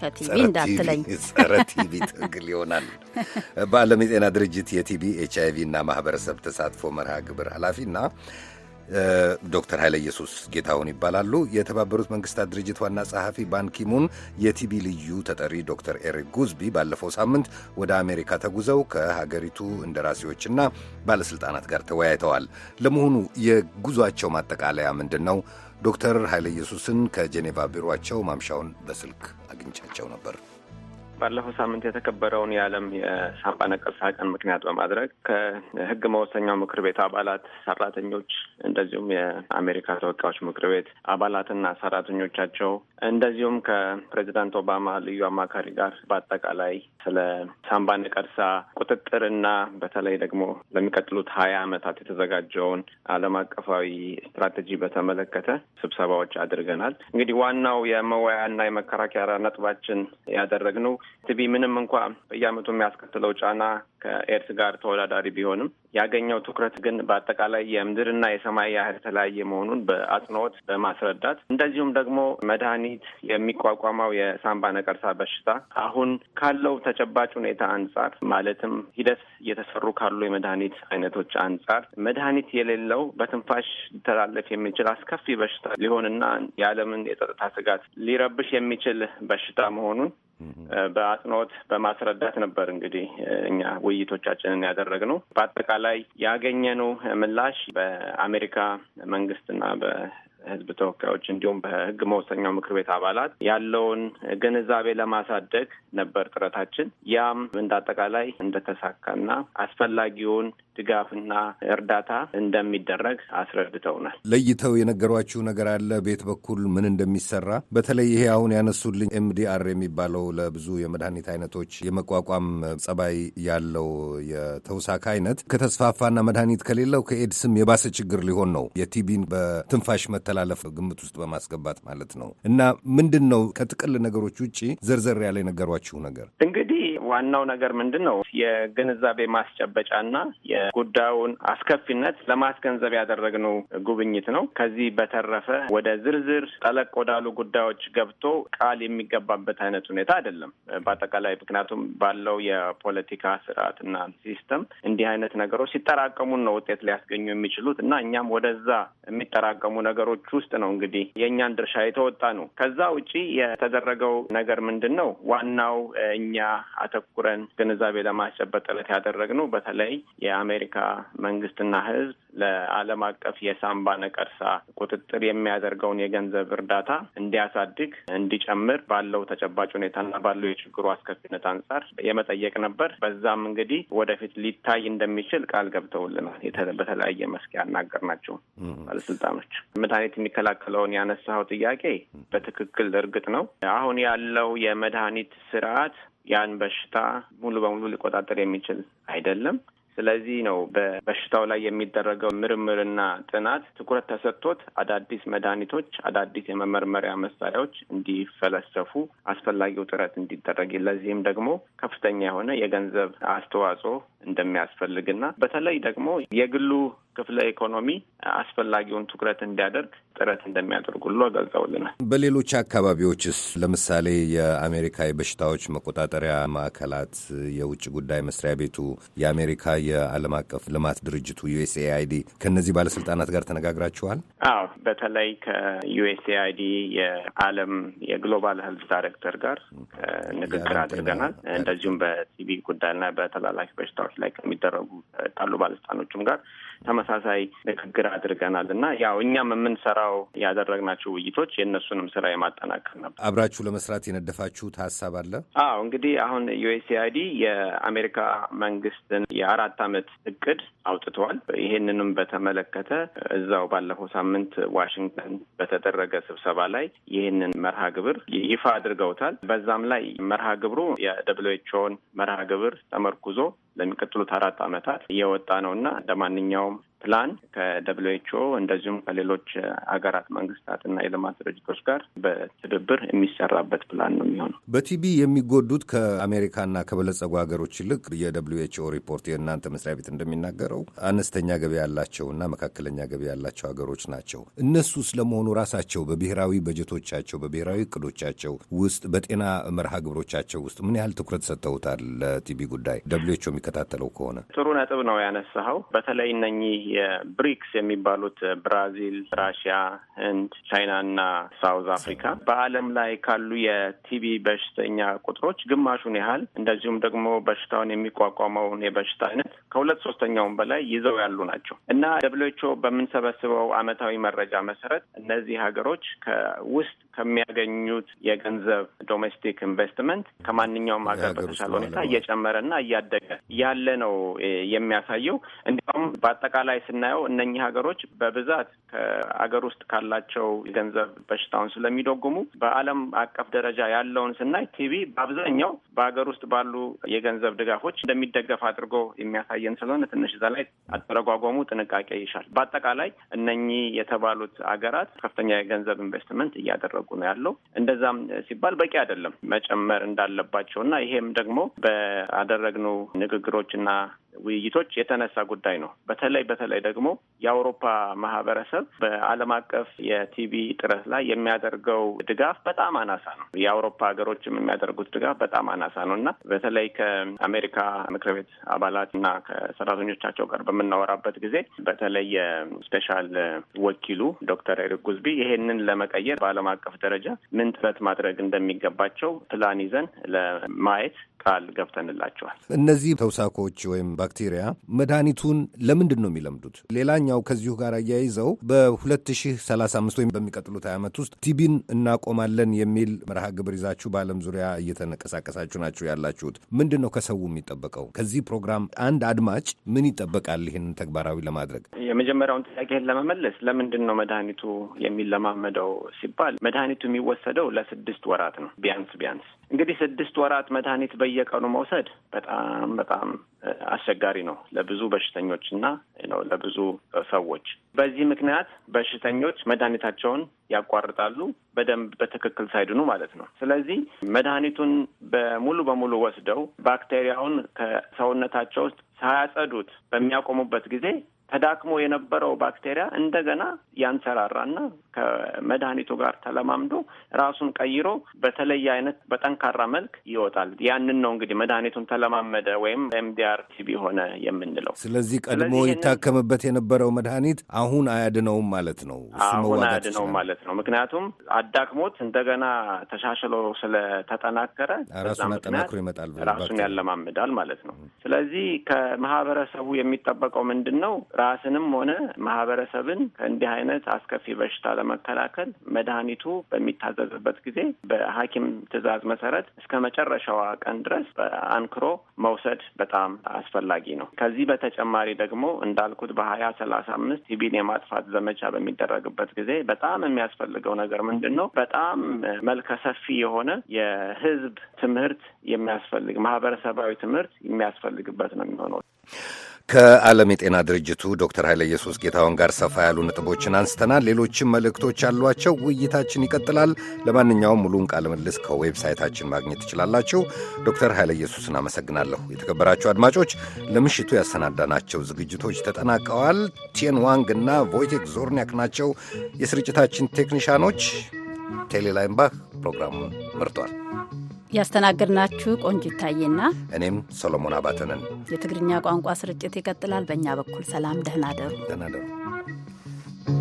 ከቲቢ እንዳትለኝ ጸረ ቲቪ ትግል ይሆናል። በዓለም የጤና ድርጅት የቲቪ ኤች አይቪ እና ማህበረሰብ ተሳትፎ መርሃ ግብር ኃላፊና ዶክተር ኃይለ ኢየሱስ ጌታሁን ይባላሉ። የተባበሩት መንግስታት ድርጅት ዋና ጸሐፊ ባንኪሙን የቲቢ ልዩ ተጠሪ ዶክተር ኤሪክ ጉዝቢ ባለፈው ሳምንት ወደ አሜሪካ ተጉዘው ከሀገሪቱ እንደራሴዎችና ባለሥልጣናት ጋር ተወያይተዋል። ለመሆኑ የጉዟቸው ማጠቃለያ ምንድን ነው? ዶክተር ኃይለ ኢየሱስን ከጄኔቫ ቢሮቸው ማምሻውን በስልክ አግኝቻቸው ነበር። ባለፈው ሳምንት የተከበረውን የዓለም የሳምባ ነቀርሳ ቀን ምክንያት በማድረግ ከሕግ መወሰኛው ምክር ቤት አባላት ሰራተኞች፣ እንደዚሁም የአሜሪካ ተወካዮች ምክር ቤት አባላትና ሰራተኞቻቸው እንደዚሁም ከፕሬዚዳንት ኦባማ ልዩ አማካሪ ጋር በአጠቃላይ ስለ ሳምባ ነቀርሳ ቁጥጥር በተለይ ደግሞ ለሚቀጥሉት ሀያ ዓመታት የተዘጋጀውን ዓለም አቀፋዊ ስትራቴጂ በተመለከተ ስብሰባዎች አድርገናል። እንግዲህ ዋናው የመወያና የመከራከሪያ ነጥባችን ያደረግነው ቲቢ ምንም እንኳ በየአመቱ የሚያስከትለው ጫና ከኤርት ጋር ተወዳዳሪ ቢሆንም ያገኘው ትኩረት ግን በአጠቃላይ የምድርና የሰማይ ያህል የተለያየ መሆኑን በአጽንኦት በማስረዳት እንደዚሁም ደግሞ መድኃኒት የሚቋቋመው የሳምባ ነቀርሳ በሽታ አሁን ካለው ተጨባጭ ሁኔታ አንጻር ማለትም ሂደት እየተሰሩ ካሉ የመድኃኒት አይነቶች አንጻር መድኃኒት የሌለው በትንፋሽ ሊተላለፍ የሚችል አስከፊ በሽታ ሊሆንና የዓለምን የጸጥታ ስጋት ሊረብሽ የሚችል በሽታ መሆኑን በአጽንኦት በማስረዳት ነበር እንግዲህ እኛ ውይይቶቻችንን ያደረግነው። በአጠቃላይ ያገኘነው ምላሽ በአሜሪካ መንግስትና ህዝብ ተወካዮች እንዲሁም በህግ መወሰኛው ምክር ቤት አባላት ያለውን ግንዛቤ ለማሳደግ ነበር ጥረታችን። ያም እንዳጠቃላይ አጠቃላይ እንደተሳካና አስፈላጊውን ድጋፍና እርዳታ እንደሚደረግ አስረድተውናል። ለይተው የነገሯችሁ ነገር አለ? ቤት በኩል ምን እንደሚሰራ በተለይ ይሄ አሁን ያነሱልኝ ኤምዲአር የሚባለው ለብዙ የመድኃኒት አይነቶች የመቋቋም ጸባይ ያለው የተውሳክ አይነት ከተስፋፋና መድኃኒት ከሌለው ከኤድስም የባሰ ችግር ሊሆን ነው። የቲቢን በትንፋሽ መታ መተላለፍ ግምት ውስጥ በማስገባት ማለት ነው። እና ምንድን ነው ከጥቅል ነገሮች ውጭ ዘርዘር ያለ የነገሯችሁ ነገር እንግዲህ ዋናው ነገር ምንድን ነው? የግንዛቤ ማስጨበጫና የጉዳዩን አስከፊነት ለማስገንዘብ ያደረግነው ጉብኝት ነው። ከዚህ በተረፈ ወደ ዝርዝር ጠለቅ ወዳሉ ጉዳዮች ገብቶ ቃል የሚገባበት አይነት ሁኔታ አይደለም። በአጠቃላይ ምክንያቱም ባለው የፖለቲካ ስርዓትና ሲስተም እንዲህ አይነት ነገሮች ሲጠራቀሙን ነው ውጤት ሊያስገኙ የሚችሉት እና እኛም ወደዛ የሚጠራቀሙ ነገሮች ውስጥ ነው እንግዲህ የእኛን ድርሻ የተወጣ ነው። ከዛ ውጪ የተደረገው ነገር ምንድን ነው? ዋናው እኛ አተኩረን ግንዛቤ ለማስጨበጥ ጥረት ያደረግነው በተለይ የአሜሪካ መንግስትና ህዝብ ለዓለም አቀፍ የሳምባ ነቀርሳ ቁጥጥር የሚያደርገውን የገንዘብ እርዳታ እንዲያሳድግ፣ እንዲጨምር ባለው ተጨባጭ ሁኔታና ባለው የችግሩ አስከፊነት አንጻር የመጠየቅ ነበር። በዛም እንግዲህ ወደፊት ሊታይ እንደሚችል ቃል ገብተውልናል። በተለያየ መስክ ናቸው። ባለስልጣኖች መድኃኒት የሚከላከለውን ያነሳው ጥያቄ በትክክል እርግጥ ነው አሁን ያለው የመድኃኒት ስርዓት ያን በሽታ ሙሉ በሙሉ ሊቆጣጠር የሚችል አይደለም። ስለዚህ ነው በበሽታው ላይ የሚደረገው ምርምርና ጥናት ትኩረት ተሰጥቶት አዳዲስ መድኃኒቶች፣ አዳዲስ የመመርመሪያ መሳሪያዎች እንዲፈለሰፉ አስፈላጊው ጥረት እንዲደረግ ለዚህም ደግሞ ከፍተኛ የሆነ የገንዘብ አስተዋጽኦ እንደሚያስፈልግና በተለይ ደግሞ የግሉ ክፍለ ኢኮኖሚ አስፈላጊውን ትኩረት እንዲያደርግ ጥረት እንደሚያደርጉ ሎ ገልጸውልናል። በሌሎች አካባቢዎችስ ለምሳሌ የአሜሪካ የበሽታዎች መቆጣጠሪያ ማዕከላት፣ የውጭ ጉዳይ መስሪያ ቤቱ፣ የአሜሪካ የዓለም አቀፍ ልማት ድርጅቱ ዩኤስኤአይዲ ከእነዚህ ባለስልጣናት ጋር ተነጋግራችኋል? አዎ፣ በተለይ ከዩኤስኤአይዲ የዓለም የግሎባል ሄልት ዳይሬክተር ጋር ንግግር አድርገናል። እንደዚሁም በቲቢ ጉዳይና በተላላፊ በሽታዎች ላይ ከሚደረጉ ካሉ ባለስልጣኖችም ጋር ተመሳሳይ ንግግር አድርገናል እና ያው እኛም የምንሰራው ያደረግናቸው ውይይቶች የእነሱንም ስራ የማጠናከር ነበር። አብራችሁ ለመስራት የነደፋችሁት ሀሳብ አለ? አዎ እንግዲህ አሁን ዩኤስኤአይዲ የአሜሪካ መንግስትን የአራት አመት እቅድ አውጥተዋል። ይሄንንም በተመለከተ እዛው ባለፈው ሳምንት ዋሽንግተን በተደረገ ስብሰባ ላይ ይህንን መርሃ ግብር ይፋ አድርገውታል። በዛም ላይ መርሃ ግብሩ የደብሊው ኤች ኦን መርሃ ግብር ተመርኩዞ ለሚቀጥሉት አራት ዓመታት እየወጣ ነው እና እንደ ማንኛውም ፕላን ከደብሊው ኤች ኦ እንደዚሁም ከሌሎች ሀገራት መንግስታት እና የልማት ድርጅቶች ጋር በትብብር የሚሰራበት ፕላን ነው የሚሆነው። በቲቢ የሚጎዱት ከአሜሪካና ከበለጸጉ ሀገሮች ይልቅ የደብሊው ኤች ኦ ሪፖርት የእናንተ መስሪያ ቤት እንደሚናገረው አነስተኛ ገቢ ያላቸውና መካከለኛ ገቢ ያላቸው ሀገሮች ናቸው። እነሱ ስለመሆኑ ራሳቸው በብሔራዊ በጀቶቻቸው በብሔራዊ እቅዶቻቸው ውስጥ በጤና መርሃ ግብሮቻቸው ውስጥ ምን ያህል ትኩረት ሰጥተውታል? ለቲቢ ጉዳይ ደብሊው ኤች ኦ የሚከታተለው ከሆነ ጥሩ ነጥብ ነው ያነሳኸው። በተለይ እነኚህ የብሪክስ የሚባሉት ብራዚል፣ ራሽያ፣ ህንድ፣ ቻይና እና ሳውዝ አፍሪካ በዓለም ላይ ካሉ የቲቪ በሽተኛ ቁጥሮች ግማሹን ያህል እንደዚሁም ደግሞ በሽታውን የሚቋቋመውን የበሽታ አይነት ከሁለት ሶስተኛውን በላይ ይዘው ያሉ ናቸው እና ደብሎቾ በምንሰበስበው አመታዊ መረጃ መሰረት እነዚህ ሀገሮች ከውስጥ ከሚያገኙት የገንዘብ ዶሜስቲክ ኢንቨስትመንት ከማንኛውም ሀገር በተሻለ ሁኔታ እየጨመረ እና እያደገ ያለ ነው የሚያሳየው። እንዲያውም በአጠቃላይ ስናየው እነኚህ ሀገሮች በብዛት ከአገር ውስጥ ካላቸው ገንዘብ በሽታውን ስለሚደጉሙ በዓለም አቀፍ ደረጃ ያለውን ስናይ ቲቪ በአብዛኛው በሀገር ውስጥ ባሉ የገንዘብ ድጋፎች እንደሚደገፍ አድርጎ የሚያሳየን ስለሆነ ትንሽ እዛ ላይ አተረጓጓሙ ጥንቃቄ ይሻል። በአጠቃላይ እነኚህ የተባሉት ሀገራት ከፍተኛ የገንዘብ ኢንቨስትመንት እያደረጉ ነው ያለው። እንደዛም ሲባል በቂ አይደለም መጨመር እንዳለባቸው እና ይሄም ደግሞ በአደረግነው ንግግሮችና ውይይቶች የተነሳ ጉዳይ ነው። በተለይ በተለይ ደግሞ የአውሮፓ ማህበረሰብ በዓለም አቀፍ የቲቢ ጥረት ላይ የሚያደርገው ድጋፍ በጣም አናሳ ነው። የአውሮፓ ሀገሮችም የሚያደርጉት ድጋፍ በጣም አናሳ ነው እና በተለይ ከአሜሪካ ምክር ቤት አባላት እና ከሰራተኞቻቸው ጋር በምናወራበት ጊዜ በተለይ የስፔሻል ወኪሉ ዶክተር ኤሪክ ጉዝቢ ይሄንን ለመቀየር በዓለም አቀፍ ደረጃ ምን ጥረት ማድረግ እንደሚገባቸው ፕላን ይዘን ለማየት ቃል ገብተንላቸዋል። እነዚህ ተውሳኮች ወይም ባክቴሪያ መድኃኒቱን ለምንድን ነው የሚለምዱት? ሌላኛው ከዚሁ ጋር አያይዘው በ2035 ወይም በሚቀጥሉት ዓመት ውስጥ ቲቢን እናቆማለን የሚል መርሃ ግብር ይዛችሁ በዓለም ዙሪያ እየተንቀሳቀሳችሁ ናችሁ ያላችሁት። ምንድን ነው ከሰው የሚጠበቀው? ከዚህ ፕሮግራም አንድ አድማጭ ምን ይጠበቃል? ይህንን ተግባራዊ ለማድረግ የመጀመሪያውን ጥያቄህን ለመመለስ ለምንድን ነው መድኃኒቱ የሚለማመደው ሲባል መድኃኒቱ የሚወሰደው ለስድስት ወራት ነው ቢያንስ ቢያንስ እንግዲህ ስድስት ወራት መድኃኒት በየቀኑ መውሰድ በጣም በጣም አስቸጋሪ አስቸጋሪ ነው ለብዙ በሽተኞች እና ለብዙ ሰዎች። በዚህ ምክንያት በሽተኞች መድኃኒታቸውን ያቋርጣሉ በደንብ በትክክል ሳይድኑ ማለት ነው። ስለዚህ መድኃኒቱን በሙሉ በሙሉ ወስደው ባክቴሪያውን ከሰውነታቸው ውስጥ ሳያጸዱት በሚያቆሙበት ጊዜ ተዳክሞ የነበረው ባክቴሪያ እንደገና ያንሰራራና ከመድኃኒቱ ጋር ተለማምዶ ራሱን ቀይሮ በተለየ አይነት በጠንካራ መልክ ይወጣል። ያንን ነው እንግዲህ መድኃኒቱን ተለማመደ ወይም ኤምዲአር ቲቢ ሆነ የምንለው። ስለዚህ ቀድሞ ይታከምበት የነበረው መድኃኒት አሁን አያድነውም ማለት ነው። አሁን አያድነውም ማለት ነው። ምክንያቱም አዳክሞት እንደገና ተሻሽሎ ስለተጠናከረ ራሱን አጠናክሮ ይመጣል፣ ራሱን ያለማምዳል ማለት ነው። ስለዚህ ከማህበረሰቡ የሚጠበቀው ምንድን ነው? ራስንም ሆነ ማህበረሰብን ከእንዲህ አይነት አስከፊ በሽታ ለመከላከል መድኃኒቱ በሚታዘዝበት ጊዜ በሐኪም ትዕዛዝ መሰረት እስከ መጨረሻዋ ቀን ድረስ በአንክሮ መውሰድ በጣም አስፈላጊ ነው። ከዚህ በተጨማሪ ደግሞ እንዳልኩት በሀያ ሰላሳ አምስት ቲቢን የማጥፋት ዘመቻ በሚደረግበት ጊዜ በጣም የሚያስፈልገው ነገር ምንድን ነው? በጣም መልከ ሰፊ የሆነ የህዝብ ትምህርት የሚያስፈልግ ማህበረሰባዊ ትምህርት የሚያስፈልግበት ነው የሚሆነው። ከዓለም የጤና ድርጅቱ ዶክተር ኃይለ ኢየሱስ ጌታውን ጋር ሰፋ ያሉ ንጥቦችን አንስተናል። ሌሎችም መልእክቶች ያሏቸው ውይይታችን ይቀጥላል። ለማንኛውም ሙሉን ቃለ ምልልስ ከዌብሳይታችን ማግኘት ትችላላችሁ። ዶክተር ኃይለ ኢየሱስን አመሰግናለሁ። የተከበራችሁ አድማጮች ለምሽቱ ያሰናዳናቸው ዝግጅቶች ተጠናቀዋል። ቲን ዋንግ እና ቮይቴክ ዞርኒያክ ናቸው የስርጭታችን ቴክኒሻኖች። ቴሌላይምባህ ፕሮግራሙን መርቷል። ያስተናገድናችሁ ቆንጂት ታዬና እኔም ሰሎሞን አባተነን። የትግርኛ ቋንቋ ስርጭት ይቀጥላል። በእኛ በኩል ሰላም፣ ደህና ደሩ። ደህና ደሩ። The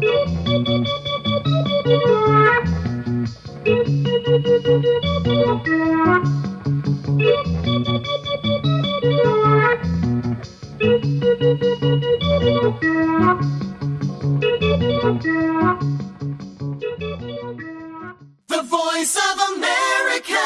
voice of America